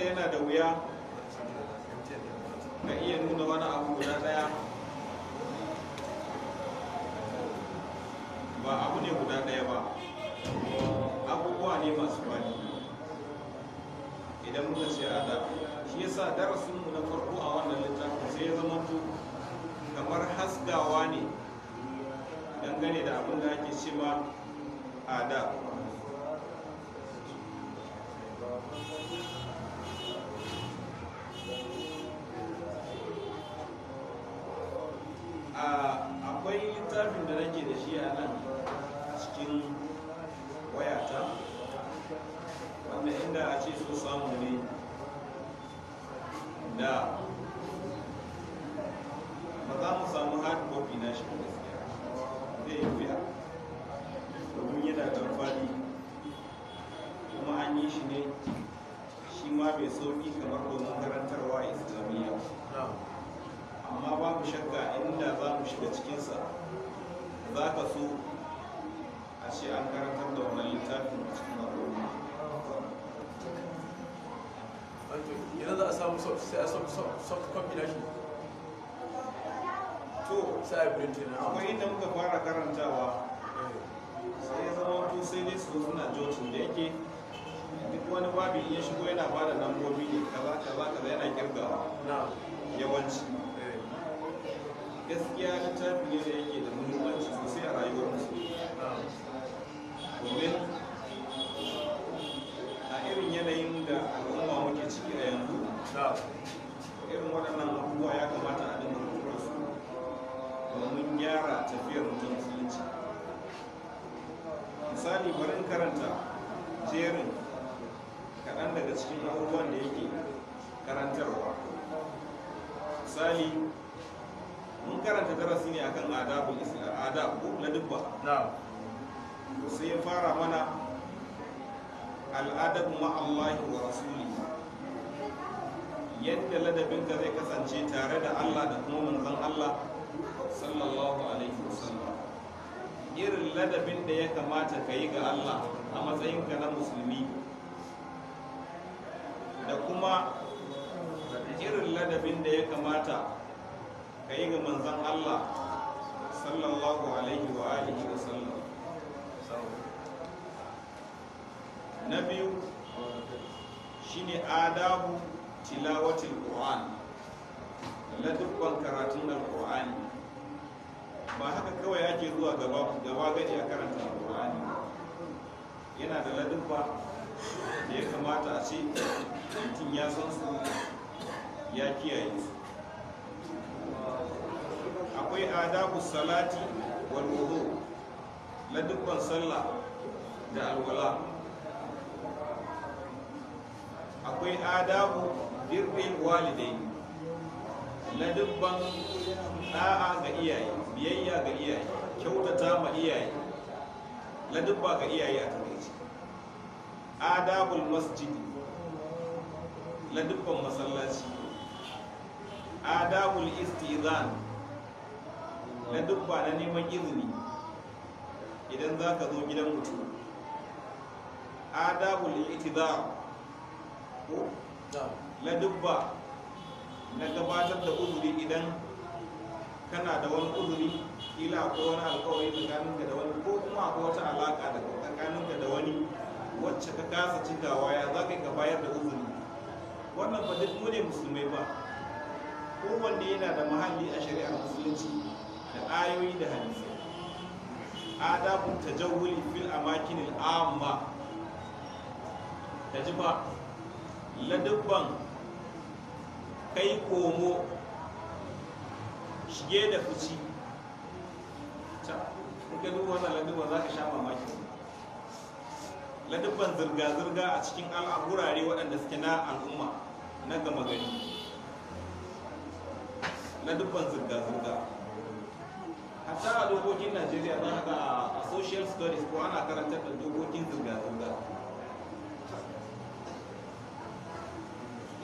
da yana da wuya ka iya nuna wani abu guda daya ba abu ne guda daya ba abubuwa ne masu bani idan muka ce ada shi yasa darasinmu na farko a wannan littafin sai ya zama to kamar hasgawa ne dangane da abin da ake ce ma ada Yanzu za a samu soft copy na shi to sai a na akwai inda muka fara karantawa sai ya zama to sai dai su suna jocin da yake duk wani babin ya shigo yana ba da lambobi ne kaza kaza kaza yana kirgawa yawanci eh. gaskiya tafi ne da yake da muhimmanci sosai a rayuwar mu. domin a irin yanayin da domin gyara tafiyar mu zuci musulunci misali bari karanta jerin kaɗan daga cikin abubuwan da yake karantarwa misali mun karanta darasi ne akan adabu islam adab ko sai ya fara mana al'adab ma'allahi wa rasuli yadda ladabinka zai kasance tare da Allah da kuma manzon Allah sallallahu alaihi wasallam irin ladabin da ya kamata ka yi ga Allah a matsayinka na musulmi da kuma irin ladabin da ya kamata ka yi ga manzon Allah sallallahu alaihi wa alihi sallam na biyu ne adabu tilawatil Qur'an da dukkan karatun al ba haka kawai ake zuwa gaba gaba gadi a karanta Al-Qur'ani yana da ladubba da ya kamata a ce mutum ya san su ya kiyaye su akwai adabu salati wal wudu dukkan sallah da alwala akwai adabu birrin walidai dubban da'a ga iyaye biyayya ga iyaye kyautata ma iyaye Na dubba ga iyaye a takaice adabul masjidi dubban masallaci adabul istizan Na dubba na neman izini idan za ka zo gidan mutum adabul itidar ko dubba na gabatar da uzuri idan kana da wani uzuri kila ko wani alkawari tsakaninka da wani ko kuma ko wata alaka da tsakaninka da wani wacce ka kasa cikawa ya za ka ka bayar da uzuri wannan ba duk ne musulmai ba kowanne yana da muhalli a shari'ar musulunci da ayoyi da hadisi adabun tajawuli fil amakinil amma ta ji ba kai komo shige da fuci ga duk wannan ladubban za ka sha mamaki ladubban zirga-zirga a cikin al'agurare waɗanda suke na al'umma na gama gari ladubban zirga-zirga hatta a dokokin najeriya za ka a social studies ko ana karantar da dokokin zirga-zirga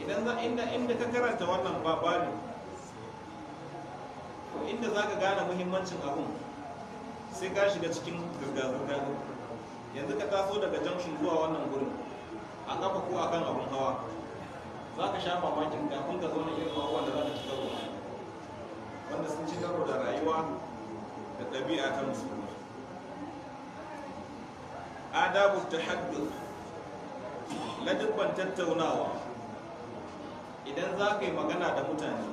idan za inda inda ka karanta wannan babali inda za ka gane muhimmancin abun sai ka shiga cikin zirga yanzu ka taso daga junction zuwa wannan gurin a kafa ko akan abun hawa za ka sha mamakin kafin ka zo na irin abubuwan da za ka ci karo wanda sun ci karo da rayuwa da ɗabi'a ta musulmi adabu tahadduth ladabban tattaunawa idan za ka yi magana da mutane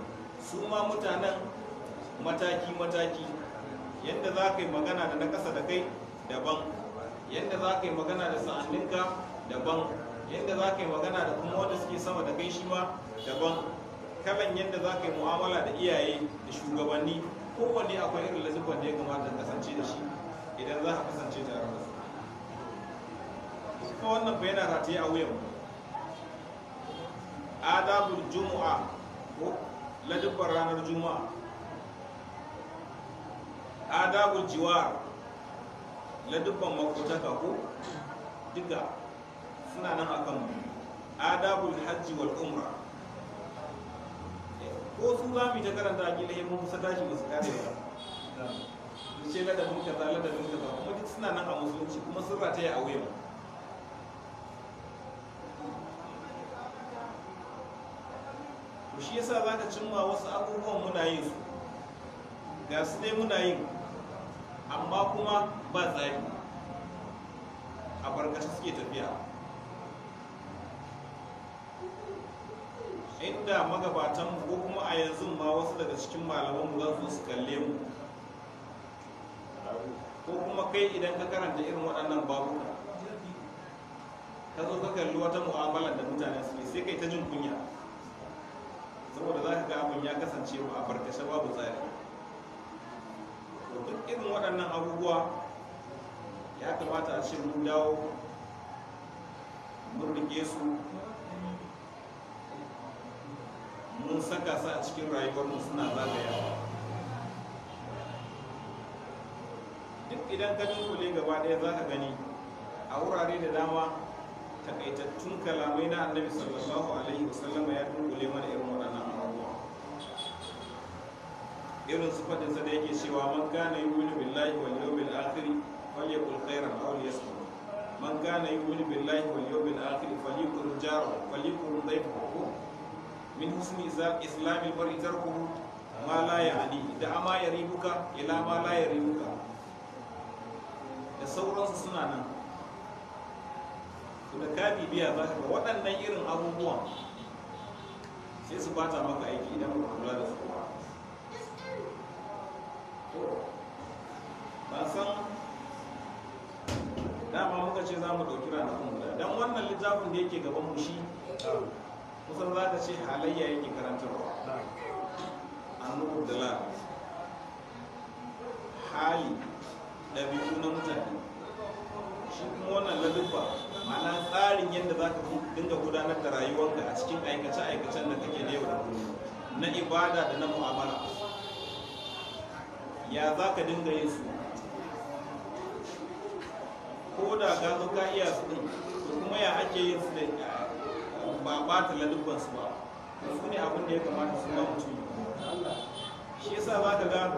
su ma mutanen mataki-mataki yadda za ka yi magana da na ƙasa da kai daban yadda za ka yi magana da sa'anninka daban yadda za ka yi magana da kuma wanda suke sama da kai shi ma daban kalan yadda za ka yi mu'amala da iyaye da shugabanni kowanne akwai irin lazifan da ya kamata ka kasance da shi idan za ka kasance tare da su kuma wannan fa yana rataye a wuyan mu adabul jumu'a ko ladabbar ranar Jumu'a? adabul jiwar ladabban makotaka ko duka suna nan a mu adabul hajji wal umra ko su za mu ta karanta akila yin musa tashi musu kare ba ce ladabin kaza ladabin kaza kuma duk suna nan a musulunci kuma sun rataya a wuyan to shi yasa zaka cimma wasu abubuwan muna yin su ga su dai muna yin amma kuma ba zai a barkashi suke tafiya inda magabatanmu ko kuma a yanzu ma wasu daga cikin malaman mu zo su kalle mu ko kuma kai idan ka karanta irin waɗannan babuka ka zo ka kalli wata mu'amala da mutane suke sai kai ta jin kunya saboda za ka ga abin ya kasance ba a farkashe babu tsari duk irin waɗannan abubuwa ya kamata a ce mun dawo mun rike su mun saka su a cikin rayuwarmu suna zagaya. duk idan ka dunkule gaba ɗaya za ka gani a wurare da dama takaitattun kalamai na annabi sallallahu alaihi wasallama ya dunkule mana irin irin sifatin sa da yake cewa man kana yu'minu billahi wal yawmil akhir falyakul khairan aw liyasmut man kana yu'minu billahi wal yawmil akhir falyakul jara falyakul dhayfahu min husni islamil mar'i tarkuhu ma la ya'ni da ama yaribuka ila ma la yaribuka da sauransu suna nan to da ka bibiya za ka ga waɗannan irin abubuwan sai su bata maka aiki idan ba kula da su ban san dama muka ce za mu ɗauki ranakun guda don wannan littafin da yake gaban mu shi kusan za ta ce halayya yake karantarwa annubu dala hali ɗabi'u na mutane shi kuma wannan lalubba ma'ana tsarin yadda za ka dinga gudanar da rayuwarka a cikin aikace-aikacen da kake na yau da kullum na ibada da na mu'amala ya za ka dinga yin su ko da ka zo ka iya su din to kuma ya ake yin su da ba ba ta ladubban su ba su ne abin da ya kamata su ga mutum shi yasa za ka ga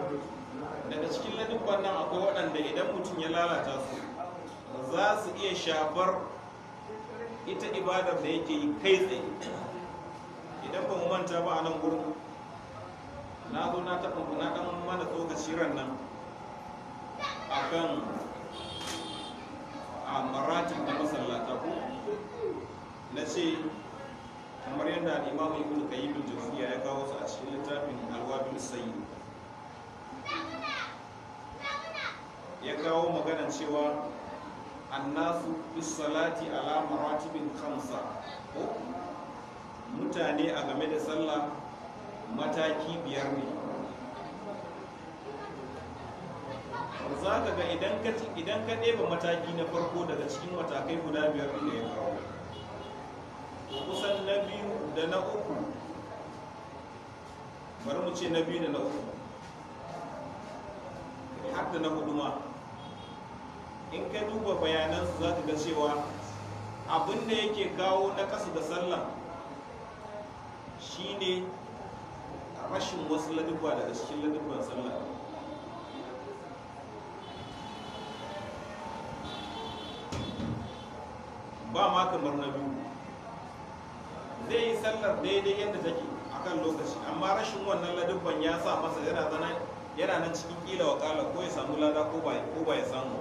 daga cikin ladubban nan akwai waɗanda idan mutum ya lalata su za su iya shafar ita ibadar da yake yi kai tsaye idan ba mu manta ba a nan gurin na zo na taɓa na ɗan mana tsokaci ran nan a kan a maratin da masallata ko na ce kamar yadda imamu ibn kayyim al-jawziya ya kawo su a cikin littafin alwabin sayyid ya kawo maganar cewa annasu bis salati ala maratibin khamsa mutane a game da sallah mataki biyar ne za ka ga idan ka ɗeba mataki na farko daga cikin matakai guda biyar da ya kawo kusan na biyu da na uku bari mu ce na biyu da na uku har da na hudu ma in ka duba bayanansu za ka ga cewa abin da yake kawo na kasa da sallah shine rashin wasu ladubba daga cikin ladubban sallah ba ma kamar na biyu zai yi sallar daidai yadda take a kan lokaci amma rashin wannan ladubban ya sa masa yana zana yana nan cikin kila wakala ko ya samu lada ko ba ya samu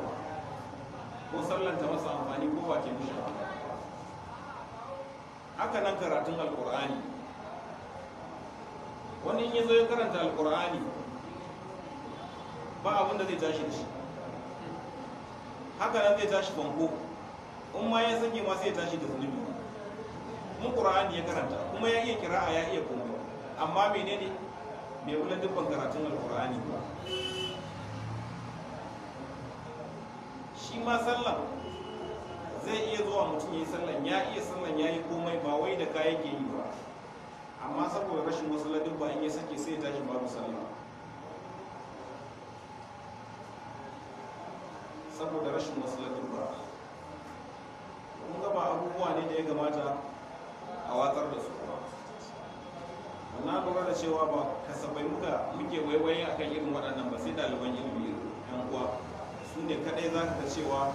ko sallanta masa amfani ko ba ke mishi haka nan karatun alkur'ani wani in yazo ya karanta alkur'ani ba abin da zai tashi da shi haka nan zai tashi banko in ma ya sake ma sai ya tashi da zunubi mun qur'ani ya karanta kuma ya iya kira'a ya iya komai amma menene mai wula dubban karatun alkur'ani ba shi ma sallan zai iya zuwa mutum ya yi sallan ya iya sallan ya yi komai ba wai da kayan ke yi ba amma saboda rashin wasu ladubba in ya sake sai ya tashi babu sallah saboda rashin wasu ba kun gaba abubuwa ne da ya gamata a watsar da su ba wannan lura da cewa ba kasafai muka muke a akan irin waɗannan ba sai ɗaliban ilimi yan uwa su ne kaɗai za ka cewa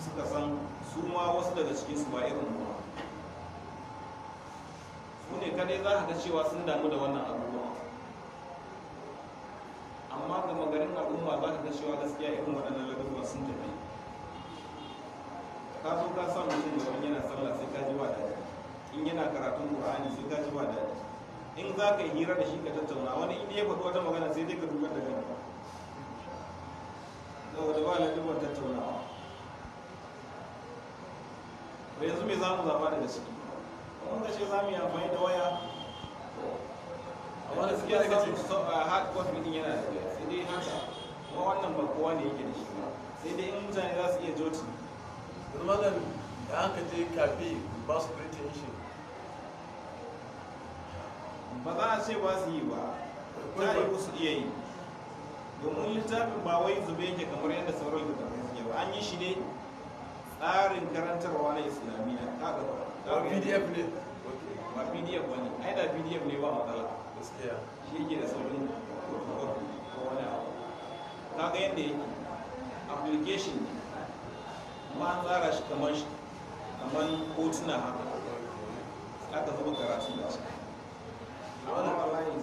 suka san su ma wasu daga cikinsu ba irin mu su ne kadai za ka ga cewa sun damu da wannan abubuwa amma ga magarin al'umma za ka ga cewa gaskiya irin waɗannan lagaruwa sun tafi ka zo ka sa mutum wani yana sallah sai ka ji wa daɗi in yana karatun qur'ani sai ka ji wa daɗi in za ka yi hira da shi ka tattauna wani in ya faɗi wata magana sai dai ka dubar da kanka saboda ba lagaruwar tattaunawa yanzu me za mu zaba daga ciki mun ga ce za mu yi amfani da waya amma gaskiya daga cikin eh, hard copy din yana da sai dai haka kuma wannan ba kowa ne yake da shi ba sai dai in mutane za su iya joti yanzu malam da aka je kafe ba su printin shi ba za a ce ba su yi ba ta yi su iya yi domin littafin ba wai zube yake kamar yadda sauran littafin suke ba an yi shi ne tsarin karantarwa na islamiyya ta gaba ba pdf ne ba pdf ba ne ai da pdf ne ba matsala gaskiya shi yake da saurin ko wani abu ta ga yadda yake application ma an tsara shi kamar shi kamar hotuna haka aka zuba karatu da shi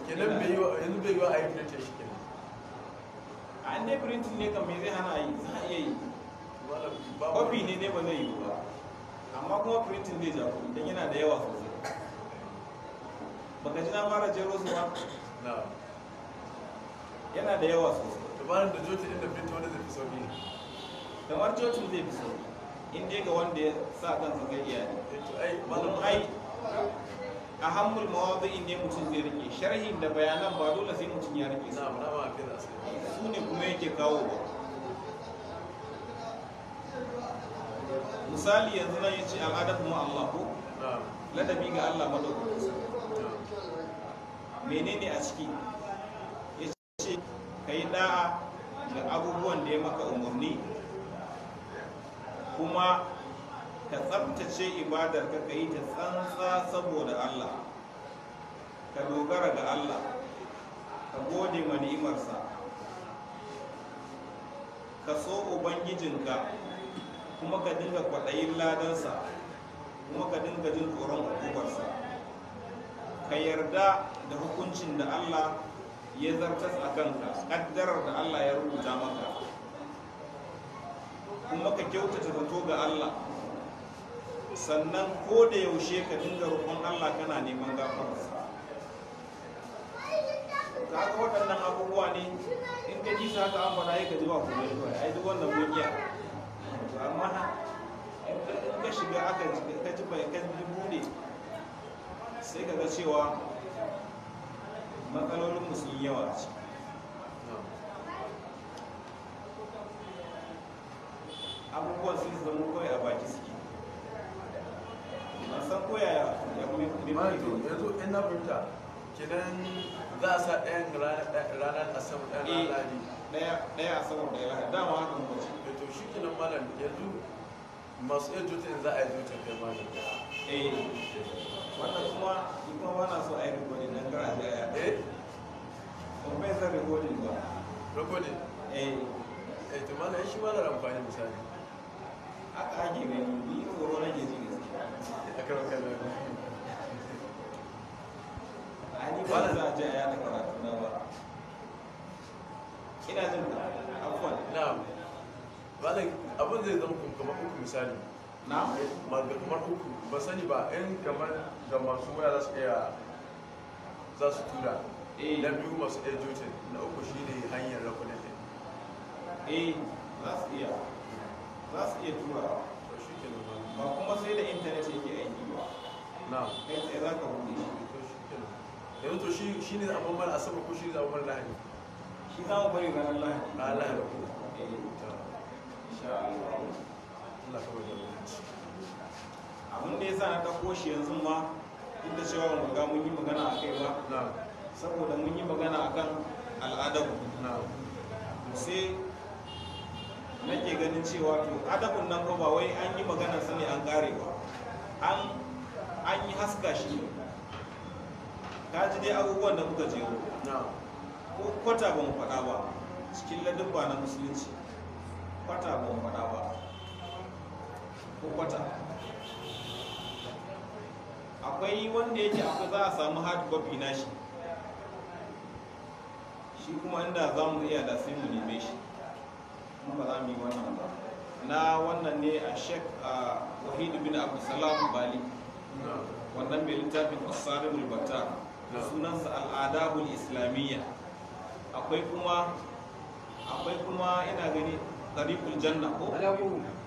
kenan bai yanzu bai yi wa a yi shi kenan an ne printin ne kan zai hana yi za a iya yi kofi ne ne ba zai yi ba amma kuma printing zai ja kuɗi don yana da yawa sosai baka ji na fara jero su ba yana da yawa sosai dabarar da jocin inda printing wanda zai fi sauki kamar jocin zai fi sauki in dai ga wanda ya sa kansa zai iya ne eh, ai a mawazin in ne mutum zai rike sharhin da bayanan ba dole sai mutum ya rike su ne kuma yake kawo ba misali yanzu nan yace al'adar mu Allah ko ladabi ga Allah madaukakin menene a ciki ya yace kai da'a ga abubuwan da ya maka umarni kuma ka tsabtace ibadar ka kai ta tsantsa saboda Allah ka dogara ga Allah ka gode ma ni'imarsa ka so ubangijinka kuma ka dinga kwaɗayin ladansa kuma ka dinga jin tsoron hukumarsa ka yarda da hukuncin da allah ya zartas a kanka ƙaddarar da allah ya rubuta maka kuma ka kyautata zato ga allah sannan ko da yaushe ka dinga roƙon allah kana neman gafararsa ka haka waɗannan abubuwa ne in ka ji sa ka an ka ji ba kuma ya ai duk wannan mun to amma ka shiga aka ka ci bai ka dubu sai ka ga cewa matsalolin mu sun yawa ce abubuwan sun zama kawai a baki suke ban san ya kuma kuma yanzu ina furta kidan za a sa ɗayan ranar asabar ɗayan ranar eh. daya daya asabar da lahadi dama haka mun ce eh to shi kenan malam yanzu masu iya jutun za a yi jutun kai malam eh wannan kuma kuma wana so a yi rikodin nan gara da ya eh kuma bai san rikodin ba rikodin eh eh to malam shi malam amfani misali aka hage ne ni tsoro na ke ji gaskiya akan kallon ani ba za a je a yana karatu na ba ina jin ka afwan na'am malam abin zai zama kamar uku misali na'am kamar uku ba sani ba in kamar da masu waya za su iya za su tura eh. na biyu masu ɗaya jocin na uku shi ne hanyar rakunan ɗin eh za su iya za su iya tura to shi ke ba kuma sai da intanet yake aiki ba na kai tsaye za ka hudu shi to shi ke yanzu to shi ne a bambar asabar ko shi ne a bambar lahani shi za mu bari ranar lahadi a lahadi eh, abin da ya sa na ɗauko shi yanzu ma duk da cewa mun ga mun yi magana a kai ba saboda mun yi magana a kan al'adabu sai nake ganin cewa to adabun nan ba wai an yi magana sa ne an kare ba an yi haska shi ne. ka ji dai abubuwan da muka jero ko kwata ba mu faɗa ba cikin ladabba na musulunci kwata ba mu faɗa ba ko kwata akwai wanda yake akwai za a samu hard copy na shi shi kuma inda za mu iya da sai mu neme shi kuma za mu yi wannan ba na wannan ne a shek a wahidu bin abdulsalam bali wannan mai littafin asarin ribata sunansa al'adabul islamiyya akwai kuma akwai kuma ina gani tariqul janna ko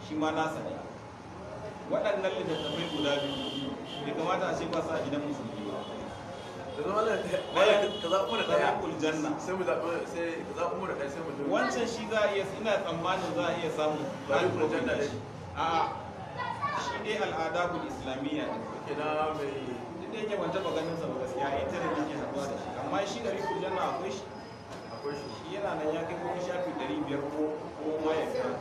shi ma nasa ne waɗannan littattafai guda biyu bai kamata a ce ba sa gidan musulmi ba eh, wancan shi za a iya ina tsammanin za a iya samu tarihul janna shi a shi ne al'ada al'adabul islamiyya ne da yake ban taɓa ganin sa ba gaskiya internet yake haɗuwa da shi amma shi tarihul janna akwai shi akwai shi shi yana nan ya kai kuma shafi ɗari biyar ko ko ma ya kai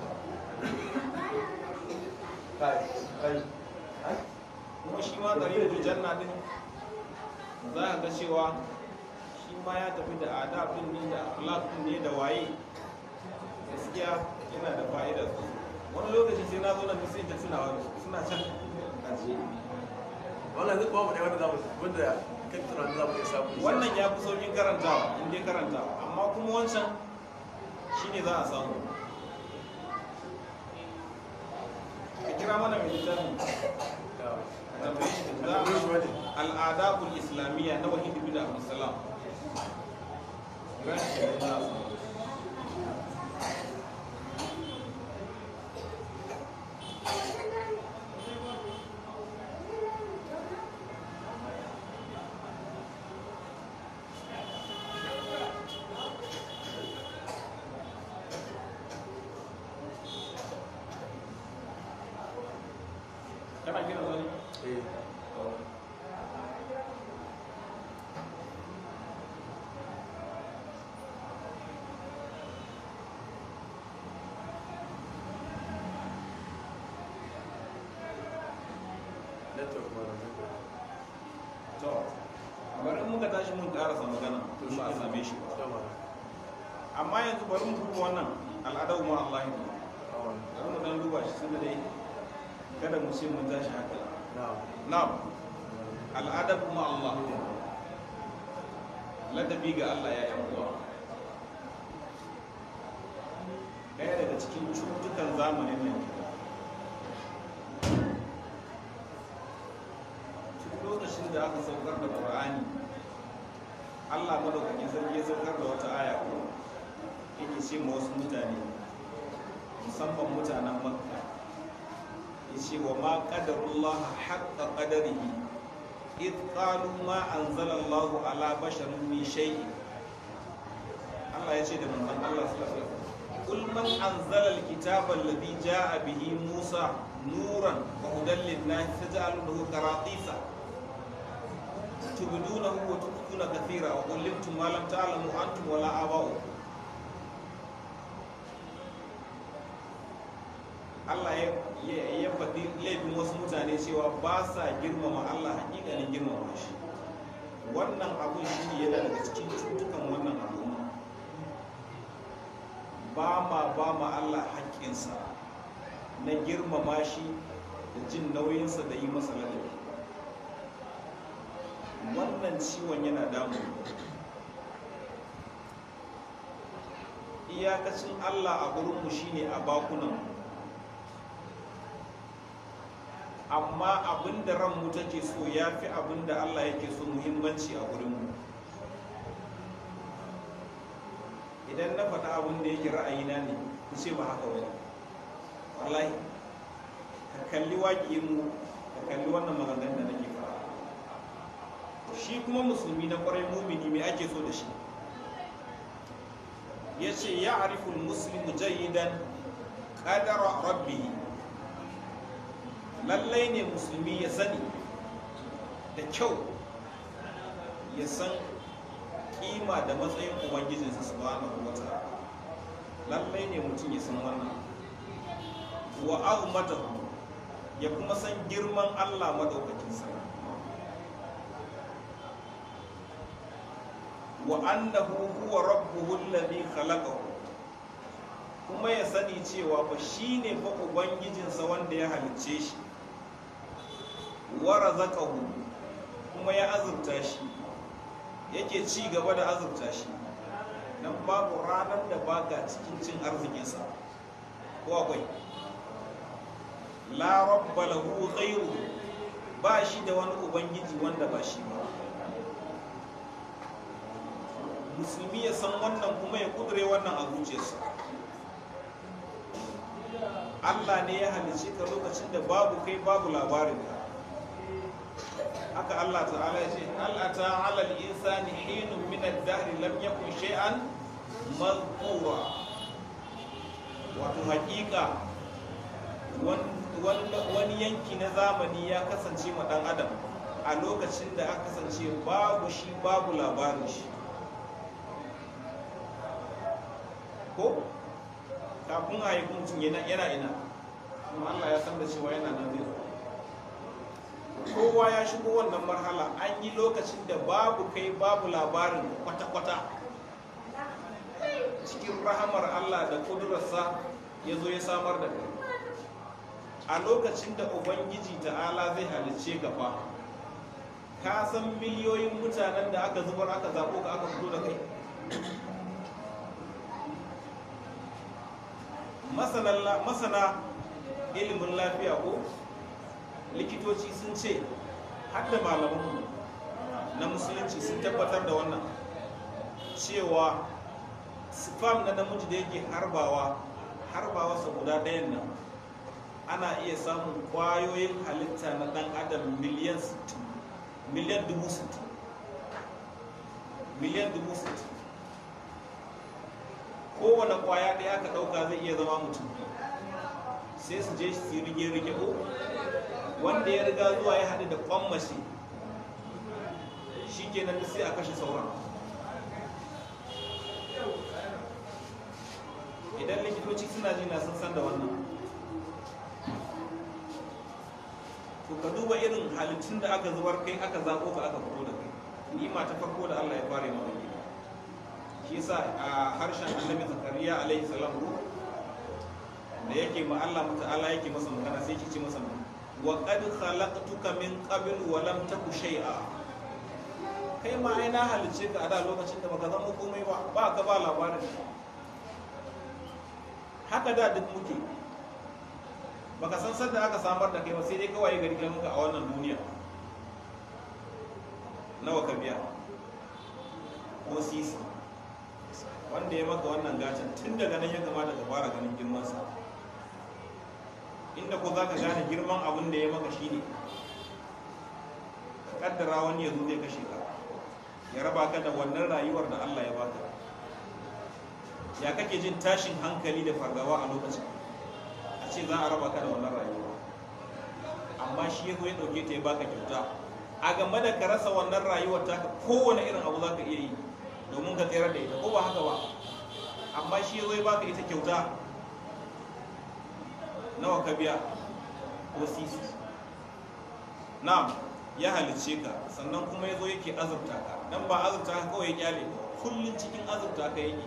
kai kuma shi ma ɗari da janna din za ka ga cewa shi ma ya tafi da adabin ne da akhlaq ne da waye gaskiya yana da fa'ida wani lokaci sai na zo na ta tunawa suna can ajiye wannan zai mu wanda kan tunanin iya samu wannan ya fi sauƙin karantawa in dai karantawa amma kuma wancan ne za a samu ka kira mana mai Al'ada al'adabul islamiyya na wahid ibn abdussalam muka tashi mun karasa magana to shi ne same shi amma yanzu bari mu duba wannan al'adar ma Allah ne bari mu dan duba shi tunda dai kada mu ce mun tashi haka na'am al'adar ma Allah ladabi ga Allah ya yi uwa ɗaya daga cikin cutukan zamanin nan lokacin da aka saukar da ƙur'ani Allah madaukakin sarki ya saukar da wata aya ko yake ce ma wasu mutane musamman mutanen makka ya ce wa ma qadarullah haqqa qadarihi id qalu ma anzalallahu ala basharin min shay'in Allah ya ce da manzon Allah sallallahu alaihi wasallam kul man anzala alkitaba alladhi jaa bihi Musa nuran wa hudan lin-nas taj'aluhu qaratisa tubdunahu wa تستحقون كثيرا وعلمتم ما لم تعلموا أنتم ولا آباؤكم Allah ya faɗi laifin wasu mutane cewa ba sa girmama Allah hakikanin girmama shi wannan abun shi ne yana daga cikin cutukan wannan al'umma ba ma ba ma Allah haƙƙinsa na girmama shi da jin nauyinsa da yi masa ladabi wannan ciwon yana damu iyakacin allah a gurinmu shine a bakunan amma abin da ranmu take so ya fi abin da allah yake so muhimmanci a gurinmu idan na faɗa abin da yake ra'ayina ne ku ce ba haka wani wallahi ka kalli waƙi mu ka kalli wannan maganganun da nake shi kuma musulmi na kwarai mumini mai ake so da shi ya ce ya arifin musulmi jayidan kadara rabbi lallai ne musulmi ya sani da kyau ya san kima da matsayin ubangijinsa na wata lallai ne mutum ya san wannan wa azumatahu ya kuma san girman Allah madaukakin wa annahu huwa rabbuhu alladhi khalaqahu kuma ya sani cewa fa shine fa ubangijinsa wanda ya halicce shi wa razaqahu kuma ya azurta shi yake ci gaba da azurta shi dan babu ranar da baka cikin cin arzikinsa ko akwai la rabba ghayru ba shi da wani ubangiji wanda ba shi ba musulmi ya san wannan kuma ya kudure wannan a zuciyarsa Allah ne ya halice ka lokacin da babu kai babu labarin ka haka Allah ta'ala ya ce Allah al'ata alal insani hinun min ad-dahr lam yakun shay'an mazkura wato hakika wani yanki na zamani ya kasance ma ɗan adam a lokacin da aka kasance babu shi babu labarin shi ko kafin a yi mutum yana ina kuma Allah ya san da cewa yana nan zai kowa ya shigo wannan marhala an yi lokacin da babu kai babu labarin kwata-kwata cikin rahamar Allah da kudurarsa ya zo ya samar da kai a lokacin da ubangiji ta'ala zai halicce gaba. ka san miliyoyin mutanen da aka zubar aka zaɓo ka aka fito da kai masana ilimin lafiya ko likitoci sun ce har da malamanmu na musulunci sun tabbatar da wannan cewa sifam na namiji da yake harbawa harbawa sa guda ɗayan nan ana iya samun kwayoyin halitta na ɗan adam miliyan 60 miliyan 60 60 kowane kwaya ɗaya ka ɗauka zai iya zama mutum sai su je su rige rige o oh, wanda ya riga zuwa ya haɗu da kwan mashi shi kenan sai a kashe sauran idan likitoci suna jina sun san da wannan to ka duba irin halittun da aka zubar kai aka zaɓo ka aka fito da kai ni ma ta farko da Allah ya fara yi shi sa a harshen annabi zakariya alaihi salam da yake ma Allah ta'ala yake masa magana sai yake ce masa wa qad khalaqtuka min qabl wa lam taku shay'a kai ma ai na halice ka a da lokacin da baka zama komai ba ba ka ba labarin haka da duk muke baka san sanda aka samar da kai ba sai dai kawai gari kan a wannan duniya nawa ka biya ko sisi wanda ya maka wannan gashin tun daga nan ya kamata ka fara ganin girmansa inda ko za ka gane girman abin da ya maka shi ne ka kaddara wani ya zo kashe ka ya raba ka da wannan rayuwar da allah ya baka ya kake jin tashin hankali da fargaba a lokacin a ce za a raba ka da wannan rayuwa amma shi ya zo ya ɗauke ta ya baka kyauta a game da ka rasa wannan rayuwar taka kowane irin abu za ka iya yi domin ka tsayar da ita ko ba haka ba amma shi zai baka ita kyauta nawa ka biya ko sisi na ya halicce ka sannan kuma ya zo yake azurta ka dan ba azurta ka kawai ya kyale kullum cikin azurta ka yake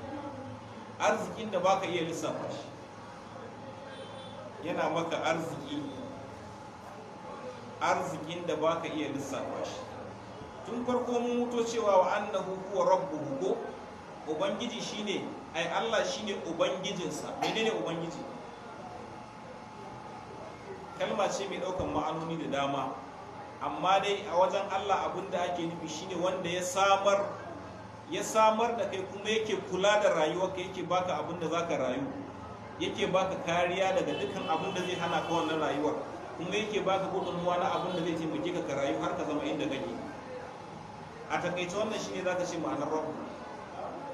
arzikin da baka iya lissafa shi yana maka arziki arzikin da baka iya lissafa shi tun farko mun muto cewa wa annahu huwa rabbuhu ko ubangiji shine ai Allah shine sa menene ubangiji kalma ce mai daukan ma'anoni da dama amma dai a wajen Allah abinda da ake nufi shine wanda ya samar ya samar da kai kuma yake kula da rayuwarka yake baka abinda da zaka rayu yake baka kariya daga dukkan abin da zai hana ka wannan rayuwar kuma yake baka gudunmuwa na abin da zai taimake ka ka rayu har ka zama inda kake a takaice wannan shine zaka ce ma'anar rabu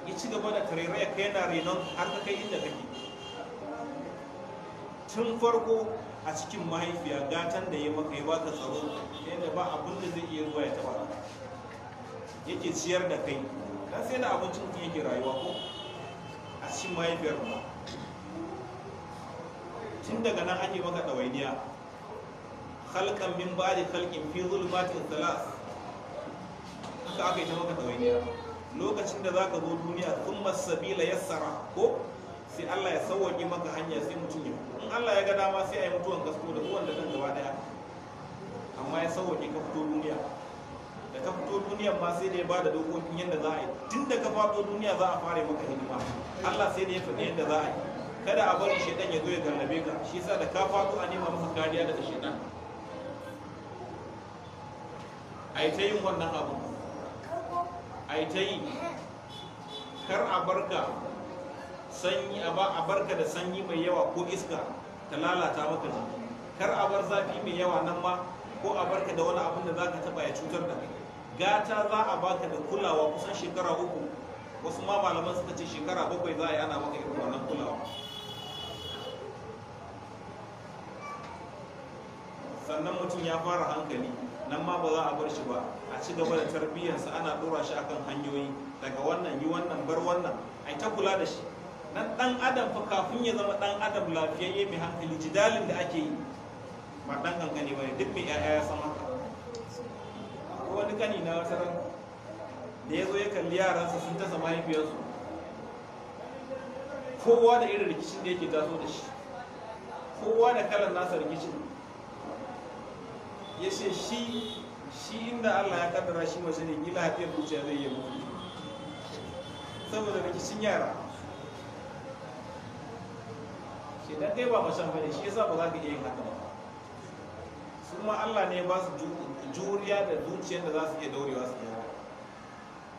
ya ci gaba da ya kai na renon har ka kai inda kake tun farko a cikin mahaifiya gatan da ya maka ya baka tsaro yadda ba abin da zai iya zuwa ya taba yake ciyar da kai dan sai da abincin mutum yake rayuwa ko a cikin mahaifiyar ma tun daga nan ake maka ɗawainiya halkan min ba da halkin fi zulmatin salas ka aka yi ta maka ɗawainiya lokacin da za ka zo duniya sun masabila yassara ko sai Allah ya sauwaƙe maka hanya sai mutum ya in Allah ya ga dama sai a yi mutuwan gasko da kowanne zan nan gaba ɗaya amma ya sauwaƙe ka fito duniya da ka fito duniya ma sai da ya bada dokokin yadda za a yi tun da ka fito duniya za a fara maka hidima Allah sai da ya faɗi yadda za a yi kada a bari shaidan ya zo ya gallabe ka shi yasa da ka fato a nema masa kariya daga shaidan a yi ta yin wannan abu a yi ta yi kar a barka sanyi a barka da sanyi mai yawa ko iska ta lalata maka jiki kar a bar zafi mai yawa nan ma ko a barka da wani abin da za ka taɓa ya cutar da kai gata za a baka da kulawa kusan shekara uku wasu ma malaman suka ce shekara bakwai za a yi ana maka irin wannan kulawa sannan mutum ya fara hankali nan ma ba za a bar shi ba a ci gaba da tarbiyyarsa ana ɗora shi akan hanyoyi daga wannan yi wannan bar wannan ai ta kula da shi nan ɗan adam fa kafin ya zama ɗan adam lafiyayye mai hankali jidalin da ake yi ba ɗan kankani ba ne duk mai 'ya'ya ya san haka ko wani kani na wata ran da ya zo ya kalli yaransa sun tasa mahaifiyarsu kowa da irin rikicin da yake taso da shi kowa da kalan nasa rikicin ya ce shi shi inda allah ya kaddara shi mace ne ni lafiyar zuciya zai yi mutu saboda rikicin yara shi dan kai ba macen bane shi yasa ba za ka iya yin haka ba su ma allah ne ba su juriya da zuciyar da za su iya daurewa su yi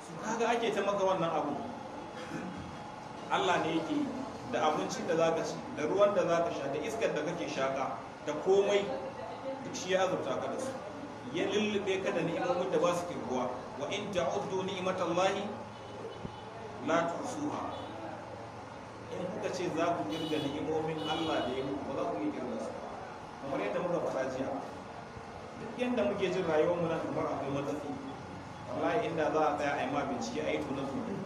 su kaga ake ta maka wannan abu allah ne yake da abincin da za ka ci da ruwan da za ka sha da iskar da kake shaka da komai duk shi ya azurta ka da su ya lullube ka da ni'imomin da ba su kirguwa wa in ta'uddu ni'matallahi la tuhsuha in kuka ce za ku kirga ni'imomin Allah da ya muku ba za ku yi kirga su kamar yadda muka fara jiya duk yadda muke jin rayuwar mu na kamar akwai matsatsi wallahi inda za a tsaya a yi ma bincike a yi tunan tunan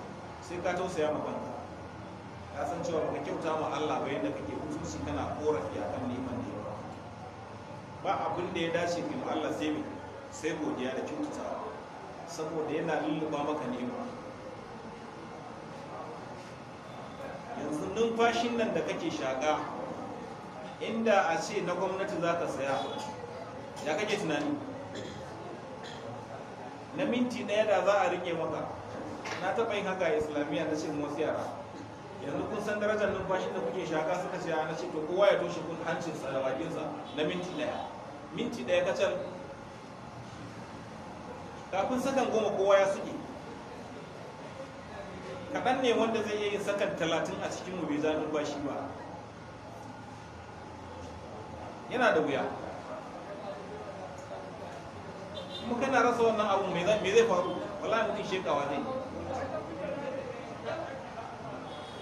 sai ka tausaya ma kanka ka san cewa baka kyauta ma Allah ba yadda kake hutunci kana korafi akan neman ne ba abin da ya dace in Allah sai mai sai godiya da kyautatawa saboda yana lulluba maka nema yanzu numfashin nan da kake shaƙa inda a ce na gwamnati za ta saya ya kake tunani na minti ɗaya da za a rike maka na taɓa yin haka a islamiyya na ce wasu yara yanzu kun san darajar numfashin da kuke shaka suka ce na ce to kowa ya toshe kun hancinsa da sa na minti daya minti daya kacal kafin sakan goma kowa ya suke kaɗan ne wanda zai iya yin sakan talatin a cikin mu bai za numfashi ba yana da wuya kuma kana rasa wannan abu me zai faru wala mutum shekawa zai yi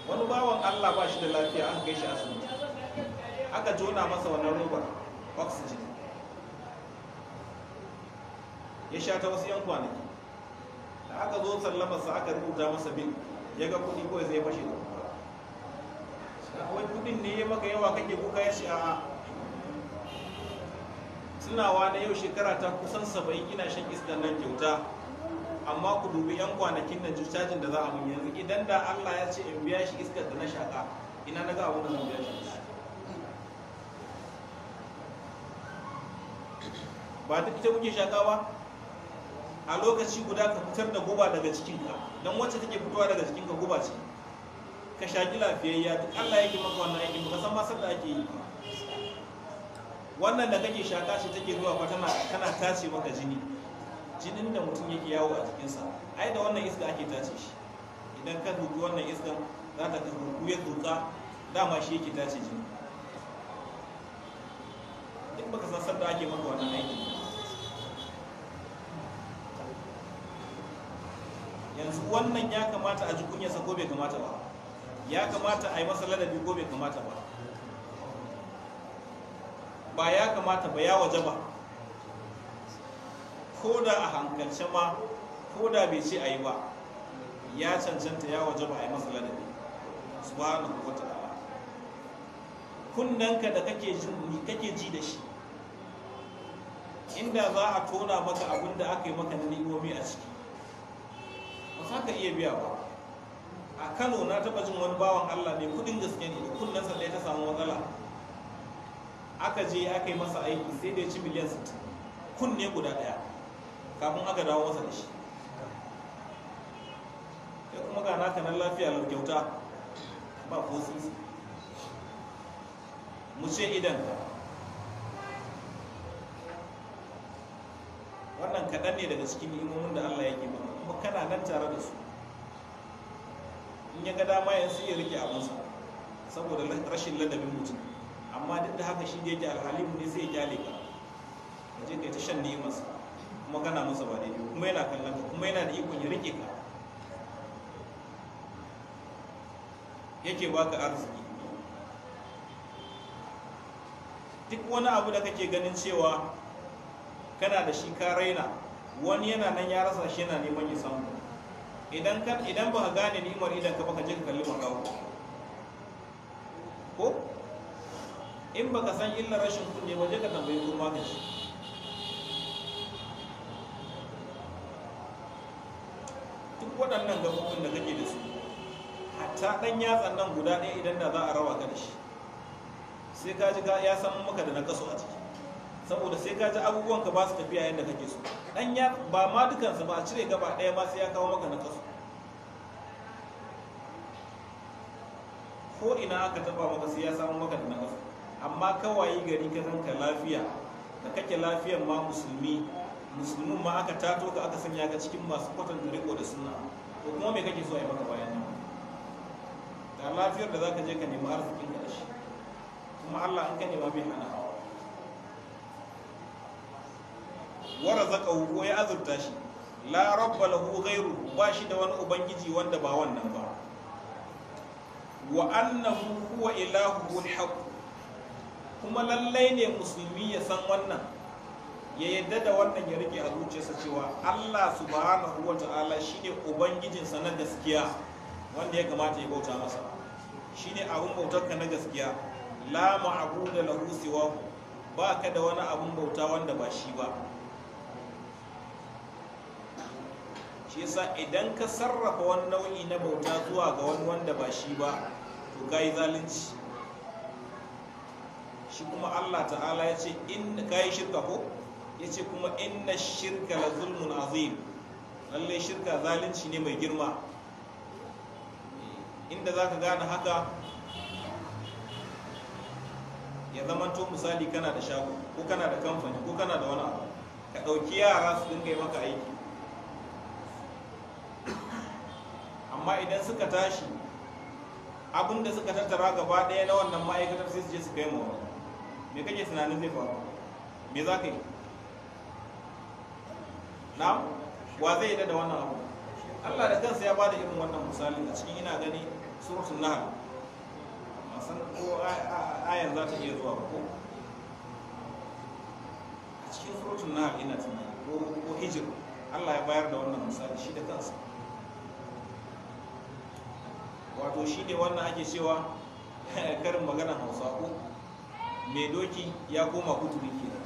wani bawan allah ba shi da lafiya an kai shi asibiti aka jona masa wannan robar oxygen ya sha ta wasu yan kwanaki da aka zo sallamarsa aka rubuta masa bin ya ga kuɗi kawai zai fashe da kuka kudin ne ya maka yawa kake kuka ya a tunawa na yau shekara ta kusan saba'in ina shan iskar nan kyauta amma ku dubi yan kwanakin nan cajin da za a mun yanzu idan da Allah ya ce in biya shi iskar da na shaka ina na ga abin da zan biya shi ba duk ita kuke shaka ba a lokaci guda ka fitar da guba daga cikinka don wacce take fitowa daga cikinka guba ce ka shaki lafiyayya duk Allah yake maka wannan aikin ba san ma da ake yi ba wannan da kake shaka shi take zuwa fa tana tana tace maka jini jinin da mutum yake yawo a jikinsa ai da wannan iska ake tace shi idan ka duki wannan iskan za ta ka duku ya duka dama shi yake tace jini duk baka san sanda ake maka wannan aiki yanzu wannan ya kamata a ji kunyarsa ko bai kamata ba ya kamata a yi masa ladabi ko bai kamata ba ba ya kamata ba ya waje ba ko da a hankalce ma ko da bai ce a yi ba ya cancanta ya waje ba a yi masa ladabi subhanahu wa ta'ala kunnanka da kake jin kake ji da shi inda za a tona maka abin da aka yi maka na ni'imomi a ciki ba za ka iya biya ba a kano na taɓa jin wani bawan allah ne kudin gaske ne da kunnen sallai ta samu matsala aka je aka yi masa aiki sai da ya ci miliyan 60 kunne guda ɗaya kafin aka dawo masa da shi ya kuma ga naka nan lafiya kyauta ba ko sisi mu ce idan wannan kaɗan ne daga cikin ni'imomin da Allah ya ke ba kuma kana nan tare da su in ya ga dama yanzu ya rike abinsa saboda rashin ladabin mutum amma duk da haka shi da yake alhalin ne zai gyale ka ka je ka yi ta shan masu kuma kana masa ba daidai kuma yana kallon ka kuma yana da ikon ya rike ka yake baka arziki duk wani abu da kake ganin cewa kana da shi ka raina wani yana nan ya rasa shi yana neman ya samu idan kan idan baka gane ni'imar idan ka baka je ka kalli makawo ko in baka san illar rashin kunne waje ka tambayi gurma ka shi waɗannan gaɓoɓin da kake da su hatta ɗan yatsan nan guda ɗaya idan da za a rawa ka da shi sai ka ji ya san maka da na kaso a ciki saboda sai ka ji abubuwan ka ba su tafiya yadda kake so ɗan ya ba ma dukansu ba a cire gaba ɗaya ma sai ya kawo maka na kaso ko ina aka taɓa maka sai ya samu maka da na kaso amma kawai gari ka zanka lafiya da kake lafiyan ma musulmi musulmin ma aka tato ka aka sanya ka cikin masu kwatanta riko da sunna ko kuma me kake so a yi maka bayan nan da lafiyar da zaka je ka nemi arzikin ka da shi kuma Allah an ka nema bai hana wa razaqahu ko ya azurta shi la rabba lahu ghayru ba shi da wani ubangiji wanda ba wannan ba wa annahu huwa ilahu al kuma lallai ne musulmi ya san wannan ya yadda da wannan ya rike a zuciyarsa cewa Allah subhanahu wa ta'ala shine ubangijin sa na gaskiya wanda ya kamata ya bauta masa shine abun bautar ka na gaskiya la ma'budu lahu siwahu ba ka da wani abun bauta wanda ba shi ba shi yasa idan ka sarrafa wani nau'i na bauta zuwa ga wani wanda ba shi ba to kai zalunci shi kuma Allah ta'ala ya ce in kai shirka ko yace kuma inna shirka la zulmun azim lalle shirka zalunci ne mai girma inda zaka gane haka ya zama to misali kana da shago ko kana da kamfani ko kana da wani abu ka ɗauki yara su dinga yi maka aiki amma idan suka tashi abin da suka tattara gaba ɗaya na wannan ma'aikatar sai su je su kai mawa me kake tunanin zai faru me za ka yi na wa zai da wannan abu Allah da kansa ya bada irin wannan misalin a cikin ina gani suratul nahl a san ko ayan za ta iya zuwa ba ko a cikin suratul nahl ina tunani ko ko hijr Allah ya bayar da wannan misali shi da kansa wato shi ne wannan ake cewa karin maganar hausa ko mai doki ya koma kuturi kenan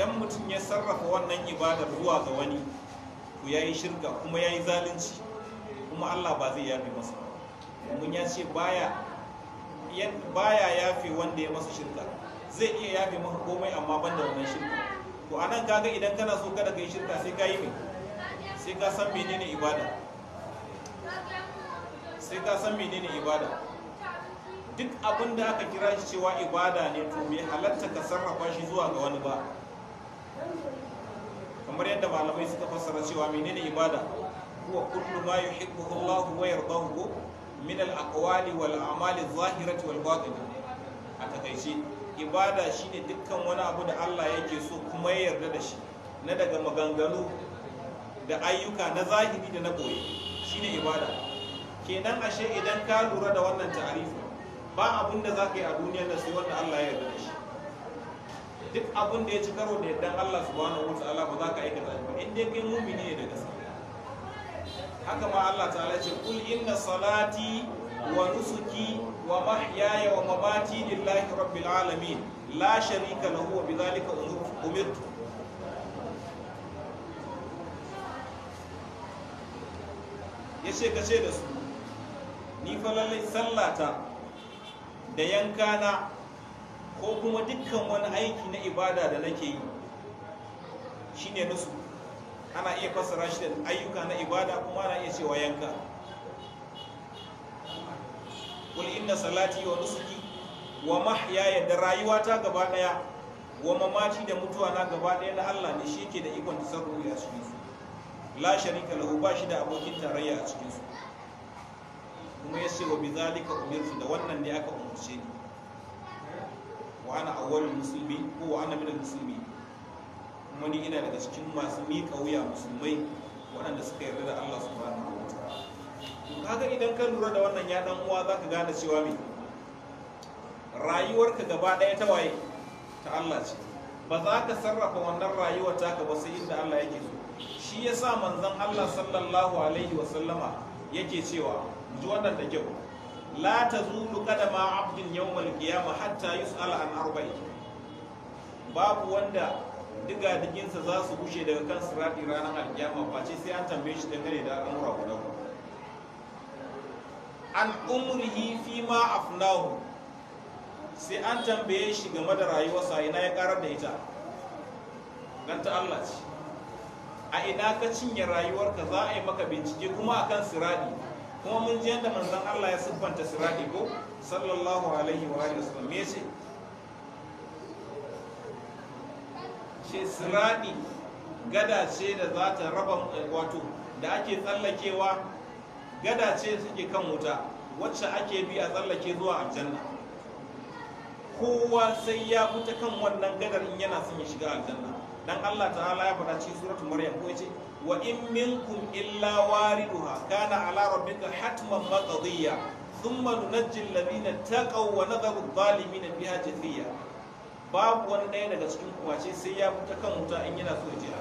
idan mutum ya sarrafa wannan ibadar zuwa ga wani ku yi shirka kuma ya yi zalunci kuma Allah ba zai yafe masa mun ya ce baya baya yafe wanda ya masa shirka zai iya yafe maka komai amma banda wannan shirka to anan kaga idan kana so kada kai shirka sai ka yi me sai ka san menene ibada sai ka san menene ibada duk abin da aka kira shi cewa ibada ne to me halatta ka sarrafa shi zuwa ga wani ba kamar yadda malamai suka fassara cewa menene ibada huwa kullu ma yuhibbuhu Allah wa yardahu min al-aqwali wal a'mali adh-dhahirati wal batini a takaice ibada shine dukkan wani abu da Allah yake so kuma ya yarda da shi na daga maganganu da ayyuka na zahiri da na boye shine ibada kenan ashe idan ka lura da wannan ta'arifi ba abin da za ka yi a duniyar da sai wanda Allah ya yarda da shi duk abin da ya ci karo da yaddan Allah subhanahu wa ta'ala ba za ka aikata ba in dai kai mumini ne da gaske haka ma Allah ta'ala ce kul inna salati wa nusuki wa mahyaya wa mamati lillahi rabbil alamin la sharika lahu wa bidhalika umirtu ka kace da su ni fa lallai sallata da yanka na. ko kuma dukkan wani aiki na ibada da nake yi shine nusu ana iya fassara shi da ayyuka na ibada kuma ana iya cewa yanka kul inna salati wa nusuki wa mahyaya da rayuwata gaba daya wa mamaci da mutuwa na gaba daya na Allah ne shi ke da ikon tasarrufi a cikin su la sharika lahu ba shi da abokin tarayya a cikin su kuma yace wa bizalika umirtu da wannan ne aka umurce ni wa ana awwalul musulmi ko wa ana minal musulmi kuma ni ina daga cikin masu miƙa wuya musulmai waɗanda suka yarda da Allah subhanahu wa ta'ala kaga idan ka lura da wannan ya dan uwa zaka gane cewa me rayuwarka gaba ɗaya ta waye ta Allah ce ba za ka sarrafa wannan rayuwar taka ba sai inda Allah yake so shi yasa manzon Allah sallallahu alaihi wa sallama yake cewa ji wannan da kyau la kada ma abdin yawmal qiyamah hatta yus'ala an arba'i babu wanda diga diginsa za su gushe daga kan sirati ranar alkiyama face sai an tambaye shi dangane da al'amura guda an umrihi fi ma afnahu sai an tambaye shi game da rayuwarsa ina ya karar da ita dan ta Allah ce a ina ka cinye rayuwarka za a yi maka bincike kuma a akan sirati kuma mun ji yadda manzon Allah ya siffanta sirati ko sallallahu alaihi wa alihi wasallam me yace ce sirati gada ce da za ta raba wato da ake tsallakewa gada ce suke kan wuta wacce ake bi a tsallake zuwa aljanna kowa sai ya fita kan wannan gadar in yana son ya shiga aljanna dan Allah ta'ala ya faɗa cikin suratul maryam ko yace wa in minkum illa wariduha kana ala rabbika hatman maqdiya thumma nunajjil ladina taqaw wa nadharu adh-dhalimina fiha jathiya babu wani ɗaya daga cikin kwace sai ya fita kan wuta in yana so ya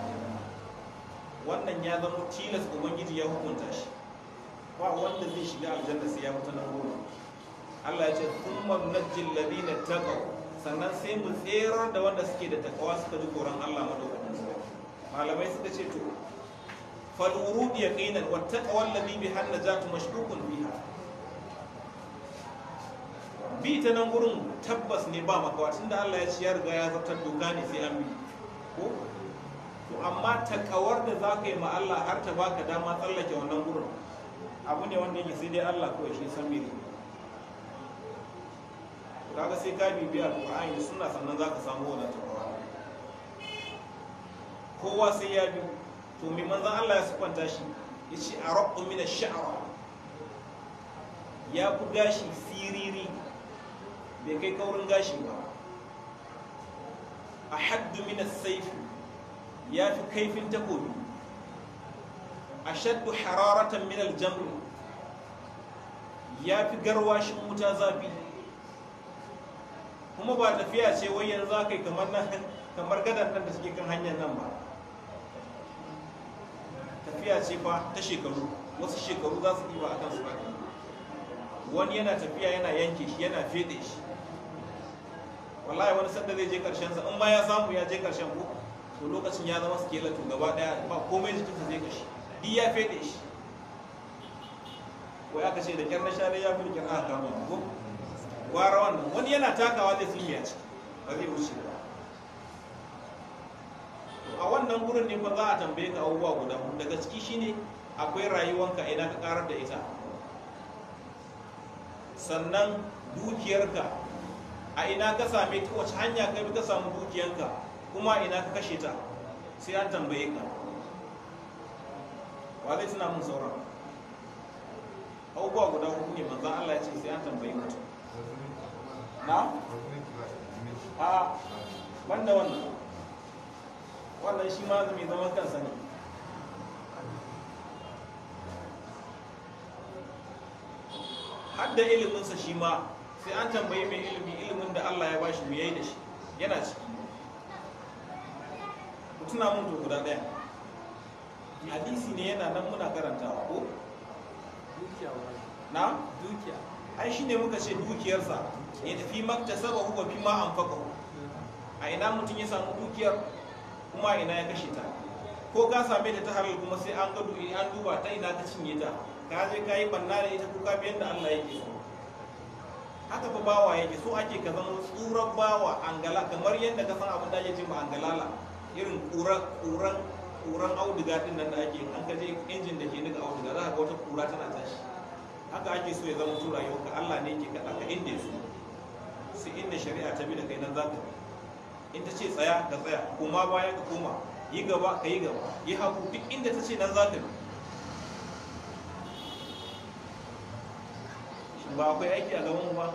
wannan ya zama tilas ubangiji ya hukunta shi ba wanda zai shiga aljanna sai ya fita na goma Allah ya ce thumma nunajjil ladina taqaw sannan sai mu tserar da wanda suke da takawa suka ji tsoron Allah madaukakin sarki malamai suka ce to فالورود يقينا والتقوى الذي بها النجاة مشكوك بها bi ta nan tabbas ne ba makawa tunda Allah ya ci ya riga ya zartar doka ne sai an bi ko to amma takawar da za ka yi ma Allah har ta baka dama tsallake wannan gurin abu ne wanda yake sai dai Allah kawai shi san miri suna sannan za ka samu wannan takawa kowa sai ya bi to mai manzan Allah ya siffanta shi ya ce a raƙon mina sha'ara ya fi gashi siriri bai kai kaurin gashi ba a haddu mina saifi ya fi kaifin takobi a shaddu hararatan min aljamri ya fi garwashin wuta zafi kuma ba tafiya ce wai yanzu aka yi kamar gadan nan da suke kan hanyar nan ba tafiya ce fa ta shekaru wasu shekaru za su ɗiba a kan su wani yana tafiya yana yanke shi yana fede shi wallahi wani sanda zai je karshen sa in ma ya samu ya je karshen ku to lokacin ya zama suke latu gaba daya ba komai jikin sa zai kashi duk ya fede shi wai aka ce da kyar na share ya fi da kyar aka kama ko gwara wannan wani yana takawa zai sulmi a ciki ba zai wuce ba a wannan gurin ne fa za a tambaye ka abubuwa guda daga ciki shine akwai rayuwanka idan ka karar da ita sannan dukiyarka a ina ka same ta wace hanya ka bi ka samu dukiyarka kuma ina ka kashe ta sai an tambaye ka wa zai tuna mun sauran abubuwa guda hudu ne manzan Allah ya ce sai an tambaye mutum na? a banda wannan wannan shi ma mai zaman kansa ne hadda iliminsa shi ma sai an tambayi mai ilimi ilimin da Allah ya ba mu yayi da shi yana ciki tuna mun to guda daya hadisi ne yana nan muna karantawa ko dukiya na dukiya ai shine muka ce dukiyarsa ya tafi maktasaba ko fi ma anfaqa a ina mutum ya samu dukiyar kuma ina ya kashe ta ko ka same da ta kuma sai an gado an duba ta ina ta cinye ta ka je ka banna da ita ko ka biyan da Allah yake so haka fa bawa yake so ake ka zama tsurar bawa angala kamar yadda ka san abin da ake ma angalala irin kuran kuran auduga din nan da ake an ka je injin da ke nika auduga za ka ga wata kura tana tashi haka ake so ya zama tura yau ka Allah ne yake kaɗa ka inda su sai inda shari'a ta bi da kai nan za ka bi in ta ce tsaya ka tsaya koma baya ka koma yi gaba ka yi gaba yi haku duk inda ta ce nan za ta bi ba akwai aiki a gaban ba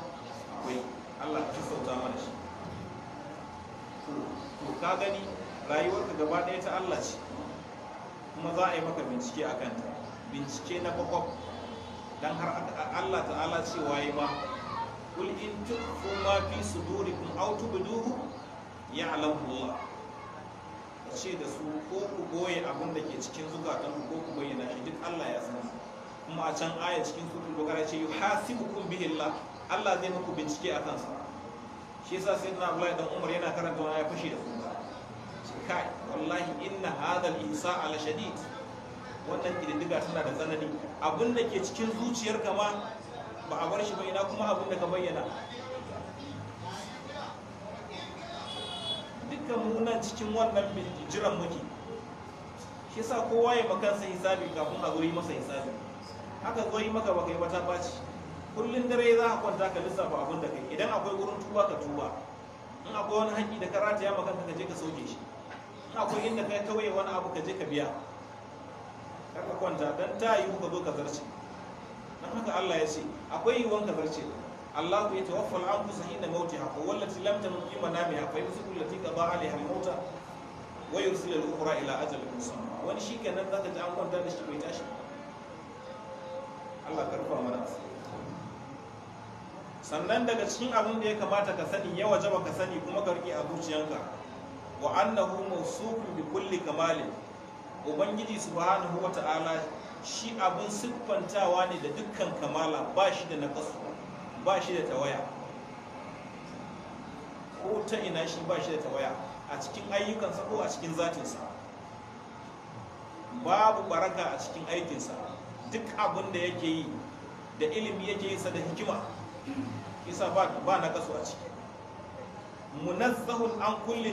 akwai allah ka sauta mana shi to ka gani rayuwarka gaba ɗaya ta allah ce kuma za a yi maka bincike a kanta bincike na kwakwaf don har allah ta'ala cewa yi ma kul in tukfu ma fi sudurikum aw tubduhu ya Allah ka ce da su ko ku goye abin da ke cikin zukatan ku ko ku bayyana shi duk Allah ya san kuma a can aya cikin suratul baqara ce yuhasibukum bihi Allah Allah zai muku bincike a kansa shi yasa sai na Allah dan Umar yana karanta wannan ya fashe da su ce kai wallahi inna hadha al-insa ala shadid wannan kididdiga tana da tsanani abin da ke cikin zuciyarka ma ba a bar shi ba ina kuma abin da ka bayyana dukkan mu nan cikin wannan jiran muke shi sa kowa ya maka sai hisabi kafin a guri masa hisabi haka goyi maka baka yi wata baci kullun dare za ka kwanta ka lissafa abin da kai idan akwai gurin tuba ka tuba in akwai wani haƙƙi da karata ya maka ka je ka sauke shi in akwai inda kai kawai wani abu ka je ka biya kar ka kwanta dan ta yi ka zo ka zarce dan haka Allah ya ce akwai yiwuwan ka zarce Allah ya tawaffa al-anfus hina mautiha wa wallati lam tamut fi manamiha fa yumsiku allati qada 'alayha al-mauta wa yursilu al-ukhra ila ajalin musamma wani shikenan zaka ji an da shi Allah sannan daga cikin abin da ya kamata ka sani ya wajaba ka sani kuma ka rike a zuciyanka wa annahu mawsufun bi kulli kamali ubangiji subhanahu wata'ala shi abin siffantawa ne da dukkan kamala ba shi da nakasu ba shi da tawaya ko ta ina shi ba shi da tawaya a cikin ayyukansa ko a cikin zatinsa babu baraka a cikin aikinsa duk abin da yake yi da ilimi yake yi da hikima isa ba na kaso a ciki munazzahun an kulle kulli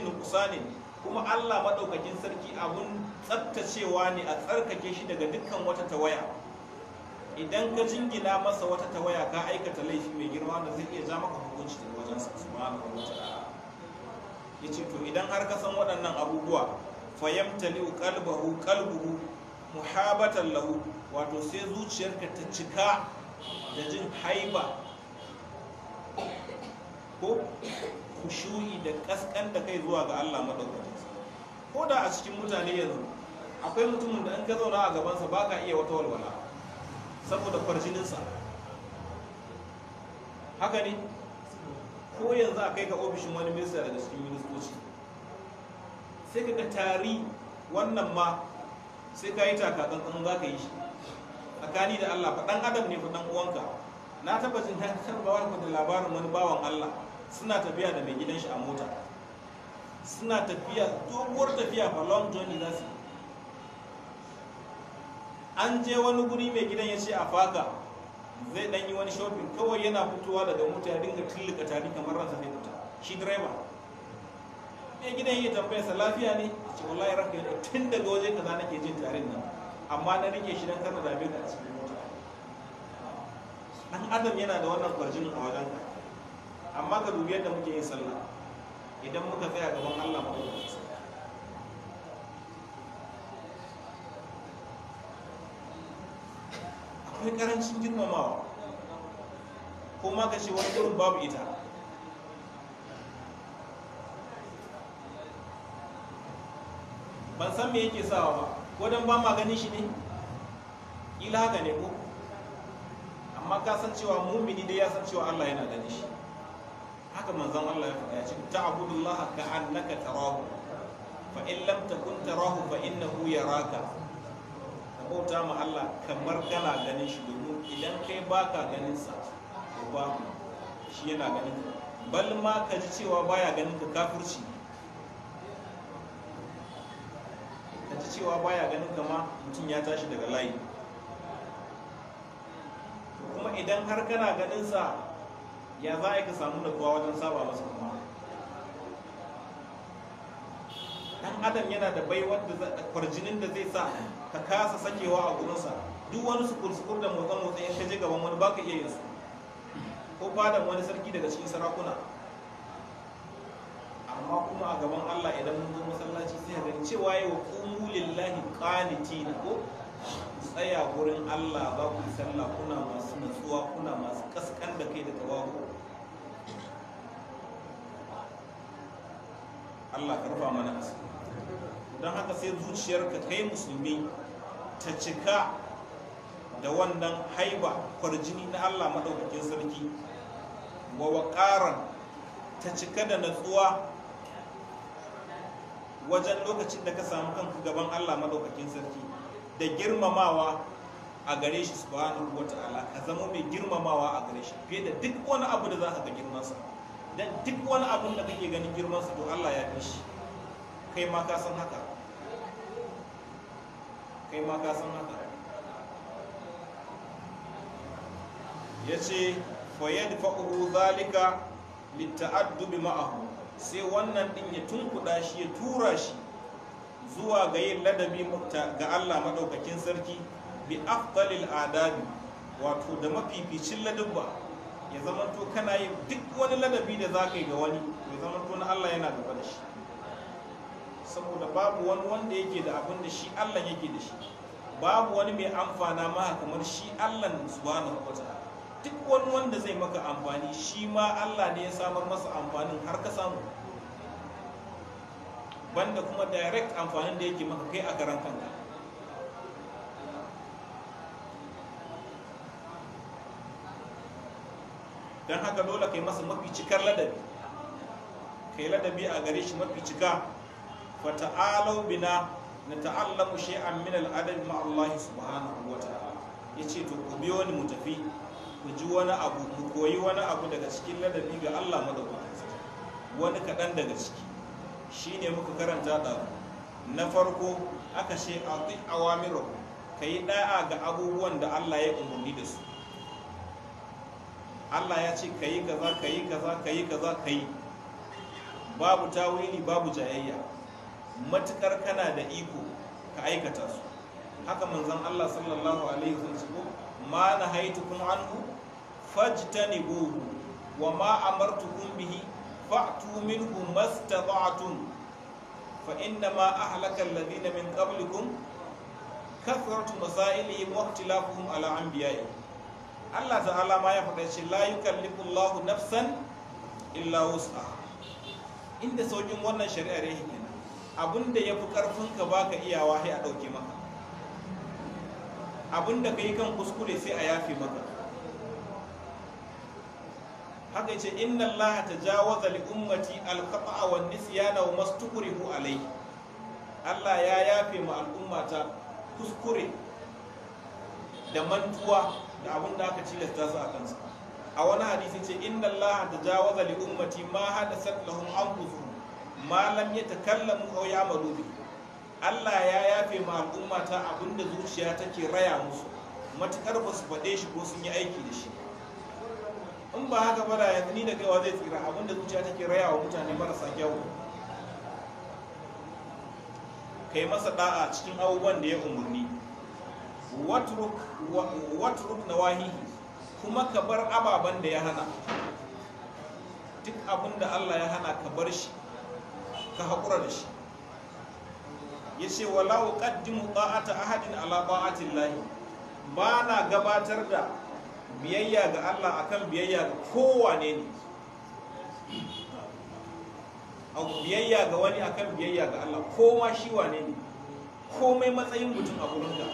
ne kuma Allah madaukakin sarki abun tsaftacewa ne a tsarkake shi daga dukkan wata tawaya idan ka jingina masa wata tawaya ka aikata laifi mai girma da zai iya ja maka hukunci daga wajen sa subhanahu wa ya ce to idan har ka san waɗannan abubuwa liu kalbahu kalbuhu muhabatan lahu wato sai zuciyarka ta cika da jin haiba ko kushu'i da kaskan da kai zuwa ga Allah madaukakin ko da a cikin mutane yanzu akwai mutumin da an ka zauna a gabansa ba ka iya wata walwala saboda kwarjininsa haka ne ko yanzu a kai ga ofishin wani minista daga cikin ministoci sai ka tari wannan ma sai ka yi kan za ka yi shi tsakani da allah faɗan adam ne faɗan uwanka na tabbacin na tabbawa da labarin wani bawan allah suna tafiya da mai gidan shi a mota suna tafiya doguwar tafiya ba long journey za su yi an je wani guri mai gidan ya ce a faka zai dan yi wani shopping kawai yana fitowa daga mota ya dinga tilika tari kamar ransa zai fita shi direba mai gidan ya tambaya sa lafiya ne a ce wallahi ranka ya tun daga waje kaza nake jin tarin nan amma na rike shi dan kana rabe ka a cikin mota dan adam yana da wannan kwarjin a wajen amma ka dubi yadda muke yin sallah idan muka tsaya gaban Allah mu akwai karancin girmamawa ko ma ka ce wani irin babu ita ban san me yake sawa ba ko dan ba ma ganin shi ne ila haka ne ko amma ka san cewa mumini dai ya san cewa Allah yana ganin shi haka manzon Allah ya faɗa ya ce ta'budullaha ka'annaka tarahu fa in lam takun tarahu fa innahu yaraka bauta ma Allah kamar kana ganin shi domin idan kai baka ganin sa to ba shi yana ganin ka bal ma ka ji cewa baya ganin ka kafirci ka ji cewa baya ganin ka ma mutum ya tashi daga layi kuma idan har kana ganin sa ya za a ka samu natsuwa wajen saba masa kuma dan adam yana da baiwar da kwarjinin da zai sa ka kasa sakewa a gurinsa duk wani sukur-sukur da motsa-motsa ya shaje gaban wani ka iya yinsu ko fada wani sarki daga cikin sarakuna amma kuma a gaban Allah idan mun zo masallaci sai ga cewa yi wa kumu lillahi qanitina ko tsaya gurin Allah ba ku sallah kuna masu natsuwa kuna masu kaskan da kai da tawahu Allah karfa mana asiri don haka sai zuciyar ka kai musulmi ta cika da wannan haiba kwarjini na Allah maɗaukakin sarki wa waƙaran ta cika da natsuwa wajen lokacin da ka samu kanka gaban Allah maɗaukakin sarki da girmamawa a gare shi subhanahu wa ta'ala ka zama mai girmamawa a gare shi fiye da duk wani abu da za ka ga girmansa dan duk wani abu da kake ganin girmansa to Allah ya fi shi kai ma ka san haka kai ma ka san haka ya ce fayyad fa'uhu zalika litta'addubi ma'ahu sai wannan ɗin ya tunkuɗa shi ya tura shi zuwa ga yin ladabi ga Allah maɗaukakin sarki bi afdalil adabi wato da mafificin ladabba ya zamanto kana yin duk wani ladabi da za ka yi ga wani ya zamanto na Allah yana gaba da shi saboda babu wani wanda yake da abin da shi Allah yake da shi babu wani mai amfana ma kamar shi Allah subhanahu wataala duk wani wanda zai maka amfani shi ma Allah ne ya samar masa amfanin har ka samu banda kuma direct amfanin da yake maka kai a garan kanka don haka dole kai masa mafi cikar ladabi kai ladabi a gare shi mafi cika fata'alau bina na ta'allamu shay'an min al-adab ma Allah subhanahu wa ta'ala yace to ku biyo ni mu tafi ku ji wani abu ku koyi wani abu daga cikin ladabi ga Allah madaukakin wani kaɗan daga ciki shine muka karanta da na farko aka ce ati awamiru yi da'a ga abubuwan da Allah ya umarni da su Allah ya ce kayi kaza kai kaza kayi kaza yi. babu tawili babu jayayya matukar kana da iko ka aikata su haka manzon Allah sallallahu alaihi wasallam ma nahaitukum anhu fajtanibuhu wa ma amartukum bihi fa'tu minhu mastata'tum fa inna ma ahlaka alladhina min qablikum kathratu masailihim wa ikhtilafuhum ala anbiya'ihim Allah ta'ala ma ya faɗa shi la yukallifu Allahu nafsan illa inda saukin wannan shari'ar yake abinda ya fi ƙarfinka ba ka iyawa sai a ɗauke maka abinda ka yi kan kuskure sai a yafe maka haka ce inna ta tajawaza zali ummati alkafa, wa nisyana wa mastukrihu alai Allah ya yafe ma al'ummata kuskure da mantuwa da abin da aka cilasta su a kansa a wani hadisi ce inna ta tajawaza zali ummati ma hadathat lahum anfusuhum malam ya takallamu aw ya'malu bi Allah ya yafe ma al'umma ta abinda zuciya take raya musu matukar ba su faɗe shi ko sun yi aiki da shi in ba haka ba da yanzu ni da kaiwa zai tsira abinda zuciya take raya wa mutane marasa kyau kai masa ɗa'a cikin abubuwan da ya umarni watruk na wahihi kuma ka bar ababen da ya hana duk abin da Allah ya hana ka bar shi ka haƙura da shi ya ce walau ƙaddimu ta'ata ahadin ala ta'atin lahi ba na gabatar da biyayya ga Allah akan biyayya ga kowane ne biyayya ga wani akan biyayya ga Allah ko ma shi wane ne komai matsayin mutum a gurinka